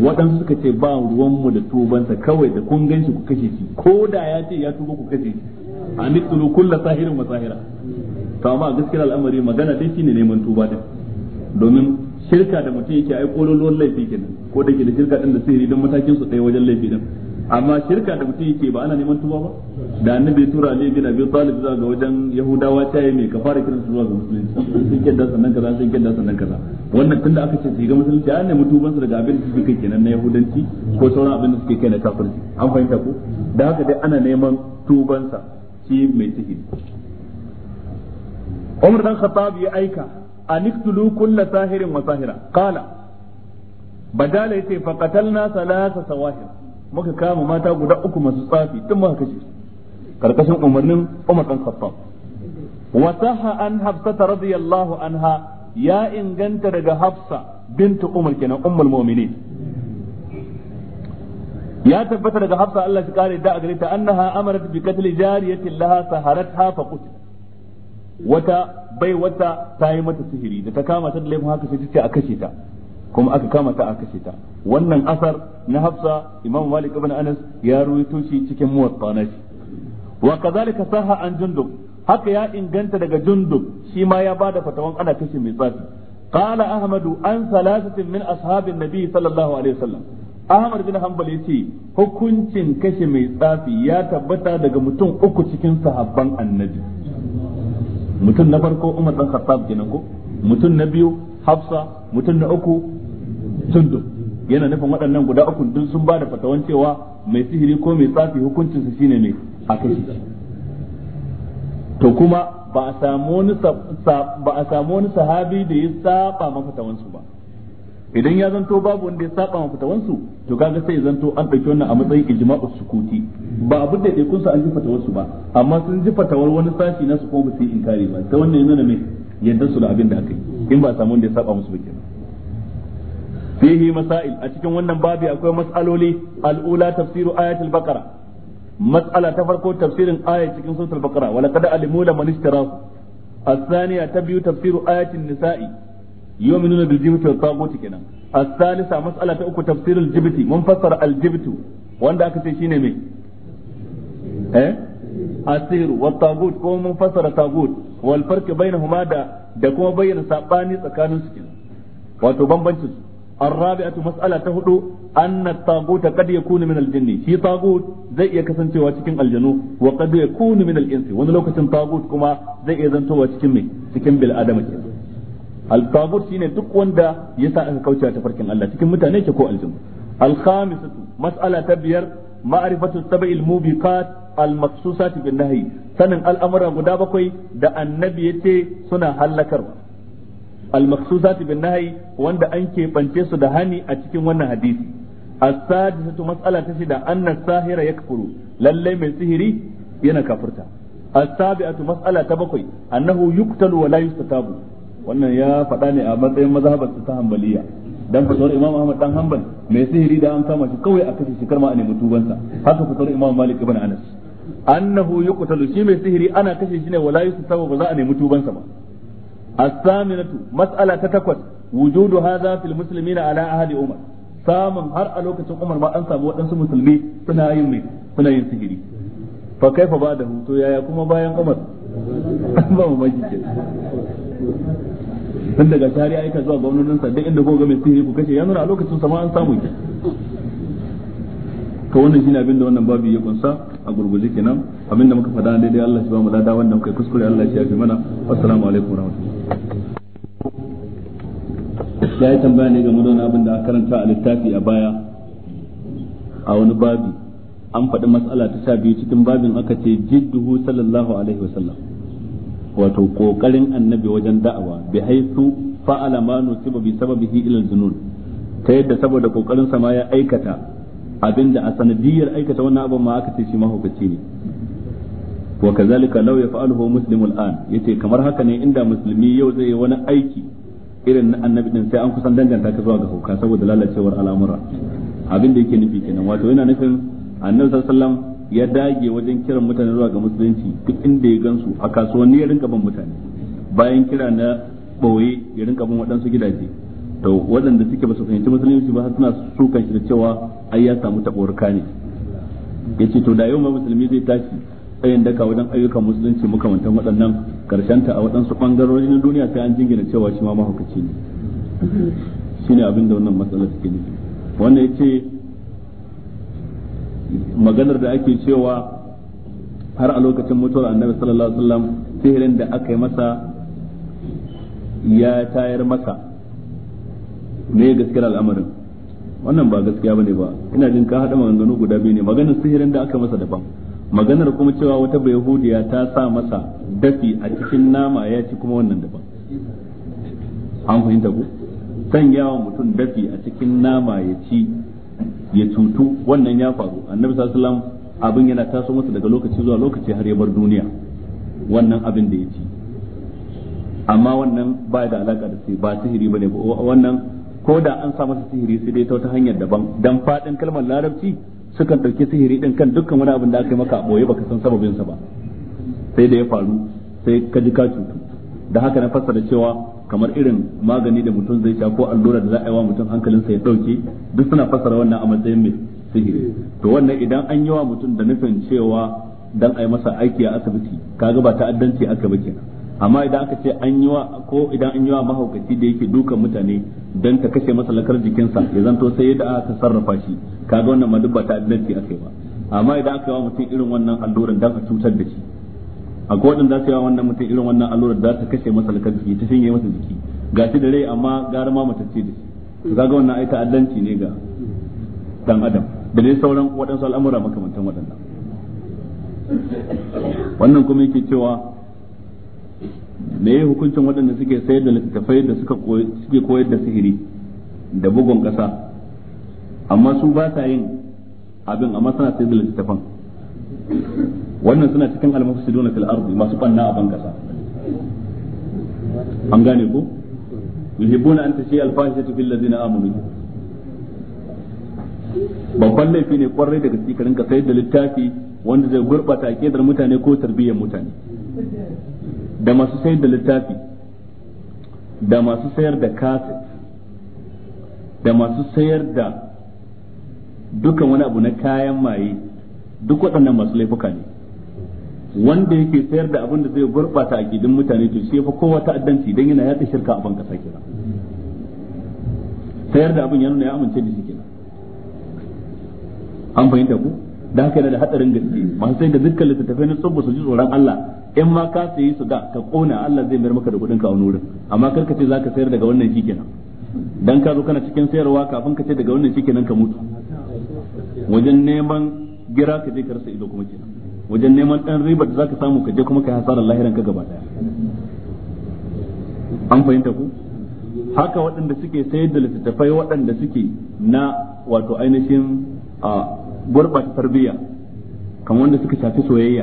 waɗansu suka ce ba ruwanmu da tubansa kawai da kun ganshi ku kashe shi ko da ya ce ya tuba ku kashe shi a nitsulu kulla sahirin wa sahira to amma gaskiyar al'amari magana dai shine neman tuba din domin shirka da mutum yake ai kololuwan laifi kenan ko da ke da shirka din da sihiri don matakin su ɗaya wajen laifi din amma shirka da mutum yake ba ana neman tuba ba da annabi tura ne bin Abi Talib za ga wajen Yahudawa ta yi mai kafara kiran su zuwa ga musulunci sun kidda sannan kaza sun kidda sannan kaza wannan tunda aka ce shiga musulunci an nemi tuban su daga abin da suke kai kenan na yahudanci ko sauran abin da suke kai na kafirci an fahimta ko da haka dai ana neman tubansa shi mai sihiri Umar dan Khattab ya aika aniktulu kulla sahirin wa sahira qala badala yace fa qatalna salasa sawahir muka kama mata guda uku masu tsafi din muka kace karkashin umarnin Umar bin Khattab wa saha an hafsa radiyallahu anha ya inganta daga Hafsa bintu Umar kenan ummul mu'minin ya tabbata daga Hafsa Allah shi kare da a gare ta annaha amarat bi qatl jariyatin laha saharatha fa qutilat wata bai wata ta yi mata sihiri da ta kama ta da laifin haka sai ta ce a kashe ta kuma aka kama ta a kashe ta wannan asar na hafsa imam malik ibn anas ya ruwaito shi cikin muwatta na shi wa kazalika saha an jundub haka ya inganta daga jundub shi ma ya bada fatawan ana kashe mai tsafi qala ahmadu an salasatin min ashabin nabi sallallahu alaihi wasallam ahmad bin hanbal yace hukuncin kashe mai tsafi ya tabbata daga mutum uku cikin sahabban annabi mutum na farko Umar dan Khattab kenan ko mutum na biyu Hafsa mutum na uku tundu yana nufin waɗannan guda uku duk sun bada fatawan cewa mai sihiri ko mai tsafi hukuncin su shine ne a kashi to kuma ba a samu wani sahabi da ya saba mafatawansu ba idan ya zanto babu wanda ya saba ma fatawansu to kaga sai ya zanto an ɗauki wannan a matsayin ijma'u sukuti ba abin da kun sa an ji fatawarsu ba amma sun ji fatawar wani sashi na su kuma ba su yi inkari ba ta wannan yana mai yadda su da abin da aka yi in ba samu wanda ya saba musu ba kenan fihi masail a cikin wannan babi akwai mas'aloli al'ula tafsiru ayatul baqara mas'ala ta farko tafsirin ayat cikin suratul baqara wa laqad alimu lamanistara الثانية تبيو تفسير آية النساء yu'minuna bil jibti wa taghut kenan as-salisa mas'ala ta uku tafsirul jibti mun fassara al wanda aka ce shine me eh asir wa taghut ko mun fassara taghut wal farq bainahuma da da kuma bayyana sabani tsakanin su kenan wato bambancin su الرابعة مسألة تهدو أن الطاغوت قد يكون من الجن شي طاغوت زي يكسن توا cikin aljanu وقد يكون من الإنس وأن كسن طاغوت كما زي يزن توا cikin مي cikin بالآدم كده al shine duk wanda ya sa aka kaucewa tafarkin Allah cikin mutane ke ko aljin al-khamisatu mas'ala ta biyar ma'rifatu sab'il mubiqat al-maqsusat bin nahi sanin al'amura guda bakwai da annabi yace suna halakarwa al-maqsusat bin nahi wanda an keɓance su da hani a cikin wannan hadisi as-sadisatu mas'ala ta shida anna sahira yakfuru lalle mai sihiri yana kafirta as-sabi'atu mas'ala ta bakwai annahu yuqtalu wa la yustatabu wannan ya faɗa ne a matsayin mazhabar ta hanbaliya dan fasawar imam ahmad dan hanbal mai sihiri da an kama shi kawai a kashe shi ma a nemi tubansa haka fasawar imam malik ibn anas annahu yuqtalu shi mai sihiri ana kashe shi ne wala yusabu ba za a nemi tubansa ba as-saminatu mas'ala ta takwas wujudu hadha fil muslimina ala ahadi umar samun har a lokacin umar ma an samu waɗansu musulmi suna yin mai suna yin sihiri fa kaifa ba da hutu yaya kuma bayan umar ba mu maki ke tun daga shari'a aika zuwa gwamnonin sa duk inda ko ga mai sihiri ku kashe ya nuna a lokacin sama an samu ke to wannan shine abin da wannan babu ya kunsa a gurguje kenan abin da muka faɗa dai Allah shi ba mu dada wanda muka kuskure Allah shi ya fi mana assalamu alaikum warahmatullahi ya yi tambaya ne ga da wani abin da aka karanta a littafi a baya a wani babi an faɗi matsala ta sha biyu cikin babin aka ce jidduhu sallallahu alaihi wasallam wato kokarin annabi wajen da'awa bi haisu fa'ala ma nusiba bi sababihi ila al-junun ta yadda saboda kokarin sa ma ya aikata abinda a sanadiyar aikata wannan abin ma aka ce shi mahaukaci ne wa kazalika law yaf'aluhu muslimul an yace kamar haka ne inda musulmi yau zai yi wani aiki irin na annabi din sai an kusan danganta ka zuwa ga hauka saboda lalacewar al'amura abin da yake nufi kenan wato yana nufin annabi sallallahu alaihi wasallam ya dage wajen kiran mutane zuwa ga musulunci duk inda ya gansu a kasuwanni ya rinka ban mutane bayan kira na ɓoye ya rinka ban waɗansu gidaje to waɗanda suke ba su fahimci musulunci ba suna sukan shi da cewa ai ya samu taɓuwar kane ya ce to da yau ma musulmi zai tashi tsayin daka wajen ayyukan musulunci makamantan waɗannan karshenta a waɗansu ɓangarorin na duniya sai an jingina cewa shi ma mahaukaci ne shine abin da wannan matsalar suke nufi wannan ya ce maganar da ake cewa har a lokacin mutuwar annabi sallallahu alaihi wasallam sihirin da aka yi masa ya tayar masa me gaskiyar al'amarin wannan ba gaskiya bane ba ina jin ka hada maganganu guda biyu ne maganar sihirin da aka masa daban maganar kuma cewa wata bayahudiya ta sa masa dafi a cikin nama ya ci kuma wannan daban an fahimta ku sanya wa mutum dafi a cikin nama ya ci ya cutu wannan ya faru annabi sallallahu alaihi wasallam abin yana taso masa daga lokaci zuwa lokaci har ya bar duniya wannan abin da ya ci amma wannan ba da alaka da sai ba sihiri bane wannan ko da an sa masa sihiri sai dai ta wata hanyar daban dan fadin kalmar larabci sukan dauki sihiri din kan dukkan wani abin da aka yi maka boye baka san sababin sa ba sai da ya faru sai ka ji ka cutu da haka na fassara cewa kamar irin magani da mutum zai sha ko allura da za a yi wa mutum hankalinsa ya dauke duk suna fassara wannan a matsayin mai sihiri to wannan idan an yi wa mutum da nufin cewa dan a yi masa aiki a asibiti kaga ba ta'addanci aka ba kenan amma idan aka ce an yi wa ko idan an yi wa mahaukaci da yake dukan mutane dan ta kashe masa lakar jikinsa ya zanto sai yadda aka sarrafa shi kaga wannan ma duk ba ta'addanci aka yi ba amma idan aka yi wa mutum irin wannan alluran dan a cutar da shi akwai waɗanda za su yawa wannan mutum irin wannan allurar za ta kashe masa lakar jiki ta shanye masa jiki ga shi da rai amma gara ma matacce da shi kaga wannan ai ta'addanci ne ga dan adam da dai sauran waɗansu al'amura makamantan waɗannan wannan kuma yake cewa me ya hukuncin waɗanda suke sayar da littattafai da suke koyar da sihiri da bugun ƙasa amma su ba sa yin abin amma suna sayar da littattafan wannan suna cikin al-mufsiduna fil ardi masu banna a ban kasa an gane ko yuhibbuna an tashi al fil ladina amanu babban laifi ne kwarai daga gaske ka sayar da littafi wanda zai gurbata akidar mutane ko tarbiyyar mutane da masu sayar da littafi da masu sayar da kaset da masu sayar da dukan wani abu na kayan maye duk waɗannan masu laifuka ne wanda yake sayar da abin da zai gurbata gidan mutane to shi fa kowa ta'addanci dan yana yatsa shirka a banka sai kenan sayar da abin ya nuna ya amince da shi kenan an fahimta ku da haka yana da hatsarin gaske masu sai da dukkan littattafai na tsubba su ji tsoron Allah in ma ka sayi su da ka kona Allah zai mayar maka da kuɗin ka a wurin amma kar ka ce zaka sayar daga wannan shi kenan dan ka zo kana cikin sayarwa kafin ka ce daga wannan shi kenan ka mutu wajen neman gira ka je ka rasa ido kuma kenan wajen neman dan ribar da zaka samu ka je kuma kai hasarar lahiran ka gaba daya an fahimta ku haka waɗanda suke sayar da littattafai waɗanda suke na wato ainihin a gurɓata tarbiyya kamar wanda suka shafi soyayya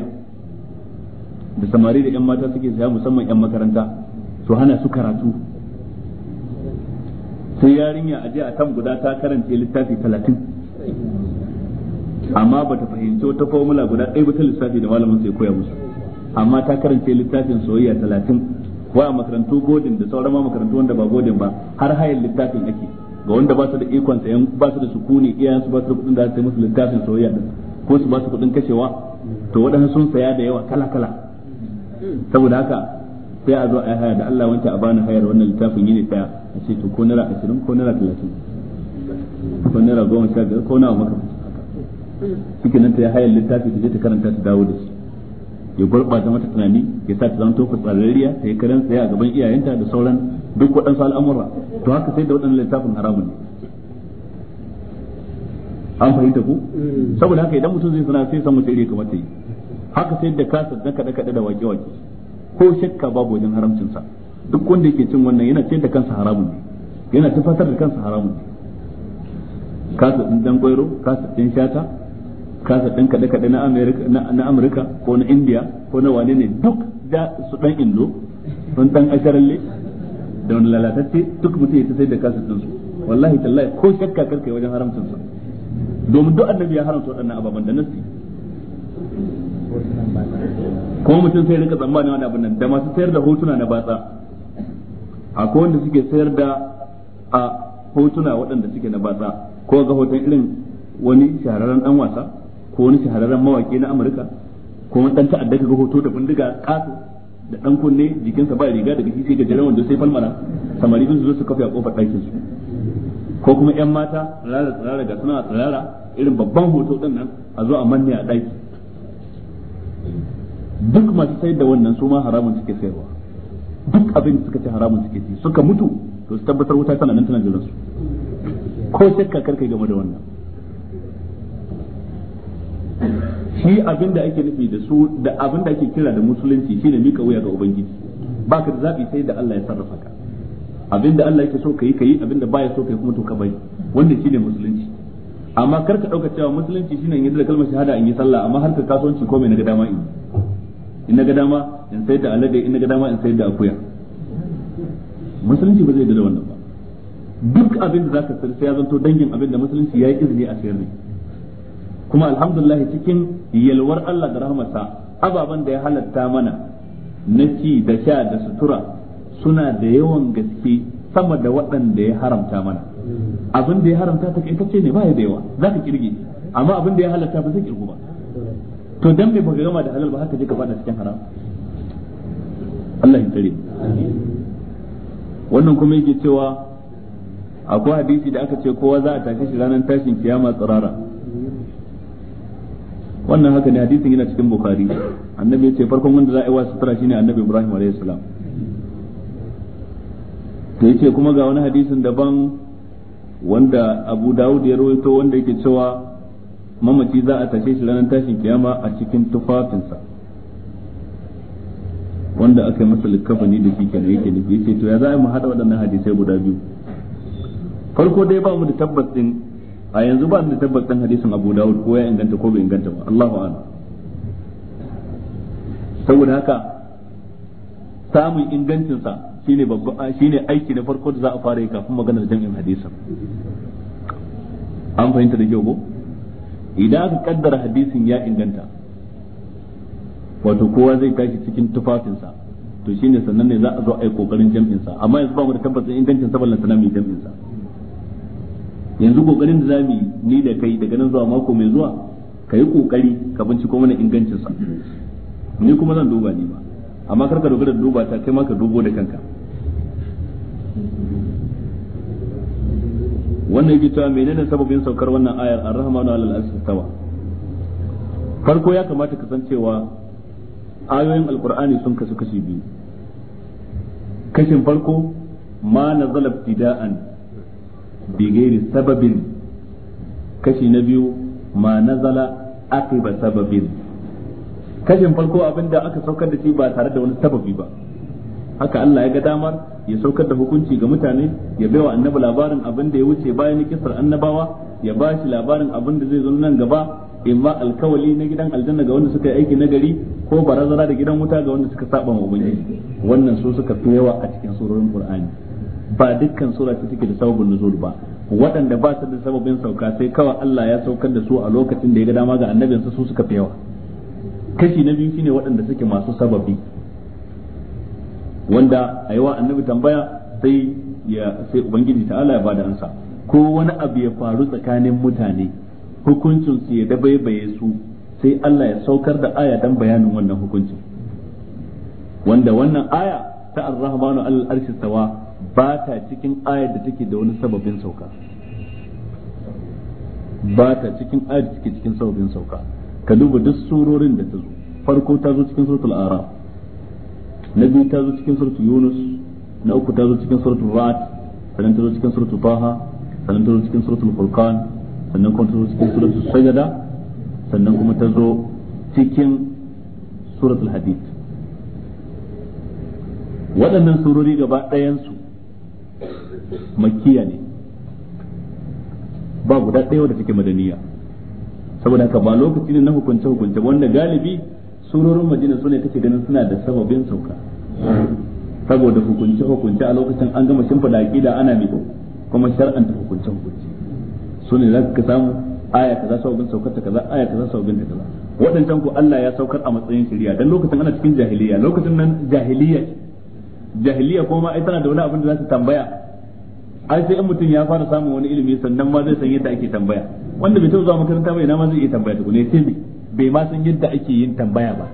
da samari da 'yan mata suke saya musamman 'yan makaranta su hana su karatu sai yarinya a a tam guda ta karance littafi talatin amma bata fahimci wata formula guda ɗaya ba ta lissafi da malamin sai koya musu amma ta karance littafin soyayya talatin wa makarantu godin da sauran makarantu wanda ba godin ba har hayan littafin ake ga wanda ba su da ikon sayan ba su da sukuni iyayen su ba su da kudin da su musu littafin soyayya din ko su ba su kudin kashewa to waɗansu sun saya da yawa kala kala saboda haka sai a zo a haya da Allah wanda a bani hayar wannan littafin yini ta a ce to ko naira 20 ko naira 30 ko naira 10 ko naira maka suke nan ta ya hayar littafi ta je ta karanta ta dawo da shi ya gurɓata mata tunani ya sa ta zama tofa tsararriya ta yi karen tsaye a gaban iyayenta da sauran duk waɗansu al'amura to haka sai da waɗannan littafin haramun ne an fahimta ku saboda haka idan mutum zai sana sai san mutum iri kamar ta yi haka sai da kasa da kaɗe kaɗe da wake wake ko shakka babu wajen haramcinsa duk wanda yake cin wannan yana ce da kansa haramun ne yana tafasar da kansa haramun ne kasa ɗin ɗan gwairo kasa ɗin shata kasa ɗin kaɗe kaɗe na amurka ko na indiya ko na wane ne duk da su ɗan indo sun ɗan asharalle da wani lalatacce duk mutum ya sai da kasa su wallahi tallahi ko shakka karka wajen haramcin su domin duk annabi ya haramta waɗannan ababen da nasi ko mutum sai rika tsammani wani abin nan da masu sayar da hotuna na batsa akwai wanda suke sayar da a hotuna waɗanda suke na batsa ko ga hoton irin wani shahararren dan wasa ko wani shahararren mawaƙi na amurka ko wani ɗan ta'adda ka ga hoto da bindiga ƙato da ɗan kunne jikinsa ba riga daga shi sai ga jiran wanda sai falmara samari sun zo su kafa a kofar ɗakin su ko kuma ƴan mata tsirara tsirara ga suna tsirara irin babban hoto ɗin nan a zo a manne a ɗaki duk masu sayar da wannan su ma haramun suke sayarwa duk abin suka ci haramun suke ci suka mutu to su tabbatar wuta tana nan tana su ko shakka karkai game da wannan shi abin da ake nufi da su da abin da ake kira da musulunci shine mika wuya ga ubangiji baka da zabi sai da Allah ya sarrafa ka abin da Allah yake so kai kai abin da baya so kai kuma to ka bari wanda shine musulunci amma kar ka dauka cewa musulunci shine yanzu da kalmar shahada in yi sallah amma har ka kasuwanci ko mai na ga dama in in na ga dama in sayar da alade in na ga dama in sayar da akuya musulunci ba zai da wannan ba duk abin da zaka sayar sai ya zanto dangin abin da musulunci ya yi izini a sayar ne kuma alhamdulillah cikin yalwar Allah da rahmasa ababen da ya halatta mana na ci da sha da sutura suna da yawan gaske sama da waɗanda ya haramta mana abin da ya haramta ta kai ne ba ya da yawa za ka kirge amma abin da ya halatta ba zai kirgu ba to dan me baka gama da halal ba haka je ka fada cikin haram Allah ya tsare wannan kuma yake cewa akwai hadisi da aka ce kowa za a tashi shi ranar tashin kiyama tsirara wannan haka ne hadisin yana cikin bukhari annabi ya ce farkon wanda za a yi wa sutura shine annabi ibrahim alayhi salam to yace kuma ga wani hadisin daban wanda abu dawud ya rawaito wanda yake cewa mamaci za a tashe shi ranar tashin kiyama a cikin tufafinsa wanda aka yi masa likafani da shi kenan yake nufi yace to ya za a yi mu hada waɗannan hadisai guda biyu farko dai ba mu da tabbas din a yanzu ba da tabbas dan hadisin Abu Dawud ko ya inganta ko bai inganta ba Allahu a'lam saboda haka samun ingancin sa shine babba shine aiki na farko da za a fara yi kafin maganar jami'in hadisin an fahimta da kyau ko idan aka kaddara hadisin ya inganta wato kowa zai tashi cikin tufafinsa to shine sannan ne za a zo a yi kokarin jami'insa, amma yanzu ba mu da tabbacin ingancin sa ballan sanan mai sa yanzu kokarin da zamu yi ni da kai daga nan zuwa mako mai zuwa ka kokari ka binciko mana ingancin sa ni kuma zan duba ni ba amma karka dogara da duba ta kai ma ka dubo da kanka wannan yake menene sababin saukar wannan ayar ar-rahmanu alal arshi farko ya kamata ka san cewa ayoyin alqur'ani sun kasu kashi biyu kashin farko ma nazala ibtida'an بغير sababin kashi na biyu ma عقب سبب sababin kashin farko دا aka saukar da shi ba tare da wani sababi ba haka Allah ya ga damar ya saukar da hukunci ga mutane ya bai wa annabi labarin abin da ya wuce bayan kisar annabawa ya ba shi labarin abin da zai zo nan gaba imma alkawali na gidan aljanna ga wanda suka yi aiki nagari ko barazana da gidan wuta ga wanda suka saba wa wannan su suka fi yawa a cikin surorin qur'ani ba dukkan sura ce take da sababin nuzul ba waɗanda ba su da sababin sauka sai kawai Allah ya saukar da su a lokacin da ya ga dama ga annabinsa su suka fi yawa kashi na biyu shine waɗanda suke masu sababi wanda a yawa annabi tambaya sai ya sai ubangiji Allah ya bada ansa ko wani abu ya faru tsakanin mutane hukuncin su ya dabaibaye su sai Allah ya saukar da aya dan bayanin wannan hukuncin wanda wannan aya ta ar-rahmanu al-arshi tawa ba ta cikin ayar da take da wani sababin sauka ba ta cikin ayar da take cikin sababin sauka ka duba duk surorin da ta zo farko ta zo cikin suratul ara na biyu ta zo cikin suratul yunus na uku ta zo cikin suratul ra'd sannan ta zo cikin suratul taha sannan ta zo cikin suratul furqan sannan kuma ta zo cikin suratul sajada sannan kuma ta zo cikin suratul hadid waɗannan surori gaba ɗayansu makiya ne ba guda ɗaya wadda take madaniya saboda haka ba lokaci ne na hukunce hukunce wanda galibi surorin madina sune take ganin suna da sababin sauka saboda hukunce hukunce a lokacin an gama da aƙida ana mai kuma shar'anta hukunce hukunce sune za ka samu aya kaza sababin saukar ta kaza aya kaza sababin ta kaza waɗancan ku Allah ya saukar a matsayin shari'a dan lokacin ana cikin jahiliya lokacin nan jahiliya jahiliya ko ma ai tana da wani abin da za tambaya ai sai in mutum ya fara samun wani ilimi sannan ma zai san yadda ake tambaya wanda bai taɓa zuwa makaranta ba ina ma zai iya tambaya tukuna sai me bai ma san yadda ake yin tambaya ba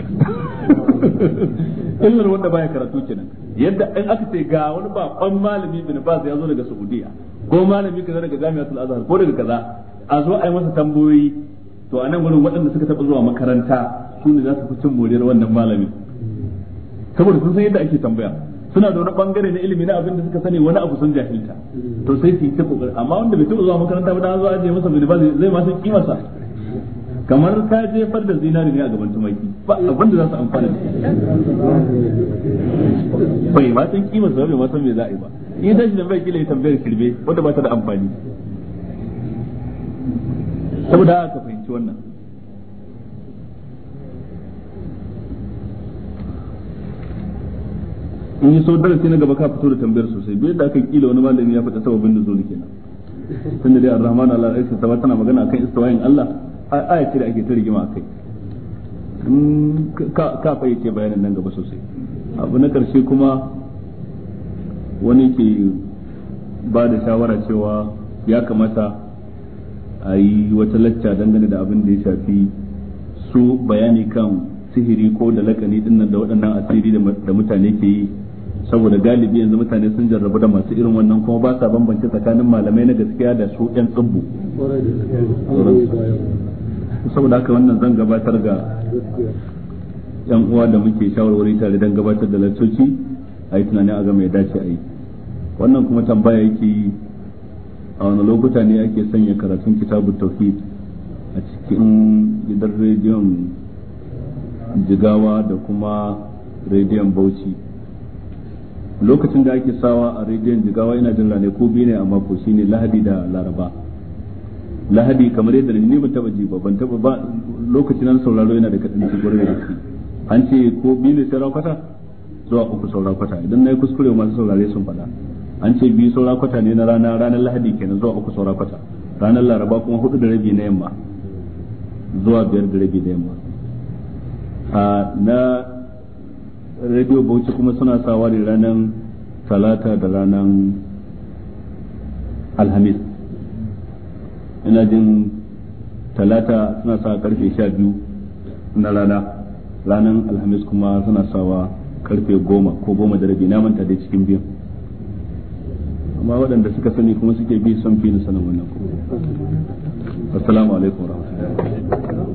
*laughs* illar wanda baya karatu kenan yadda in aka ce ga wani bakon malami bin Baz ya zo daga Saudiya ko malami kaza daga Jami'atul Azhar ko daga kaza a zo a yi masa tambayoyi to anan gurin waɗanda suka taɓa zuwa makaranta su ne za su fi cin moriyar wannan malamin saboda sun san yadda ake tambaya suna da wani bangare na ilimi na abin da suka sani wani abu sun jahilta to sai su yi ta kokari amma wanda bai taɓa zuwa makaranta ba dan zuwa ajiye masa bai ba zai ma san kimarsa kamar ka jefar da zinari ne a gaban tumaki ba abin da za su amfana bai ma san kimarsa bai ma san me za a yi ba in tashi da bai kila ya tambayar kirbe wanda ba ta da amfani saboda haka fahimci wannan in yi so darasi na gaba ka fito da tambayar sosai bai da aka kila wani malami ya faɗa sababin da zuri kenan tun da dai ar-rahman ala al tana magana akan istiwayin Allah aya ce da ake ta rigima kai ka ka yake bayanin nan gaba sosai abu na karshe kuma wani ke ba da shawara cewa ya kamata a yi wata lacca dangane da abin da ya shafi su bayani kan sihiri ko da lakani dinnan da waɗannan asiri da mutane ke yi saboda galibi yanzu mutane sun jarrabu da masu irin wannan kuma ba sa bambance tsakanin malamai na gaskiya da su yan tsibbu saboda haka wannan zan gabatar ga yan uwa da muke shawarwari tare don gabatar da lantoci a yi tunanin a gama ya dace a yi wannan kuma tambaya yake yi a wani lokuta ne ake sanya karatun kitabun tauhid a cikin gidan rediyon jigawa da kuma rediyon bauchi lokacin da ake sawa a rediyon jigawa ina jin rane ko biyu ne a mako ne lahadi da laraba lahadi kamar yadda ni ban taba ji ba ban taba ba lokacin nan sauraro yana da kaɗan ci gwarar da shi an ce ko biyu ne saura kwata zuwa uku saura kwata idan yi kuskure masu saurare sun faɗa an ce biyu saura kwata ne na rana ranar lahadi kenan zuwa uku saura kwata ranar laraba kuma hudu da rabi na yamma zuwa biyar da rabi ah, na yamma na radio bauchi kuma suna sawa ne ranar talata da ranar alhamis ina jin talata suna sa karfe sha biyu na rana ranar alhamis kuma suna sawa karfe goma ko goma da rabi na manta cikin biyan amma waɗanda suka sani kuma suke bi son fi na sanin wannan kuma assalamu alaikum warahmatullahi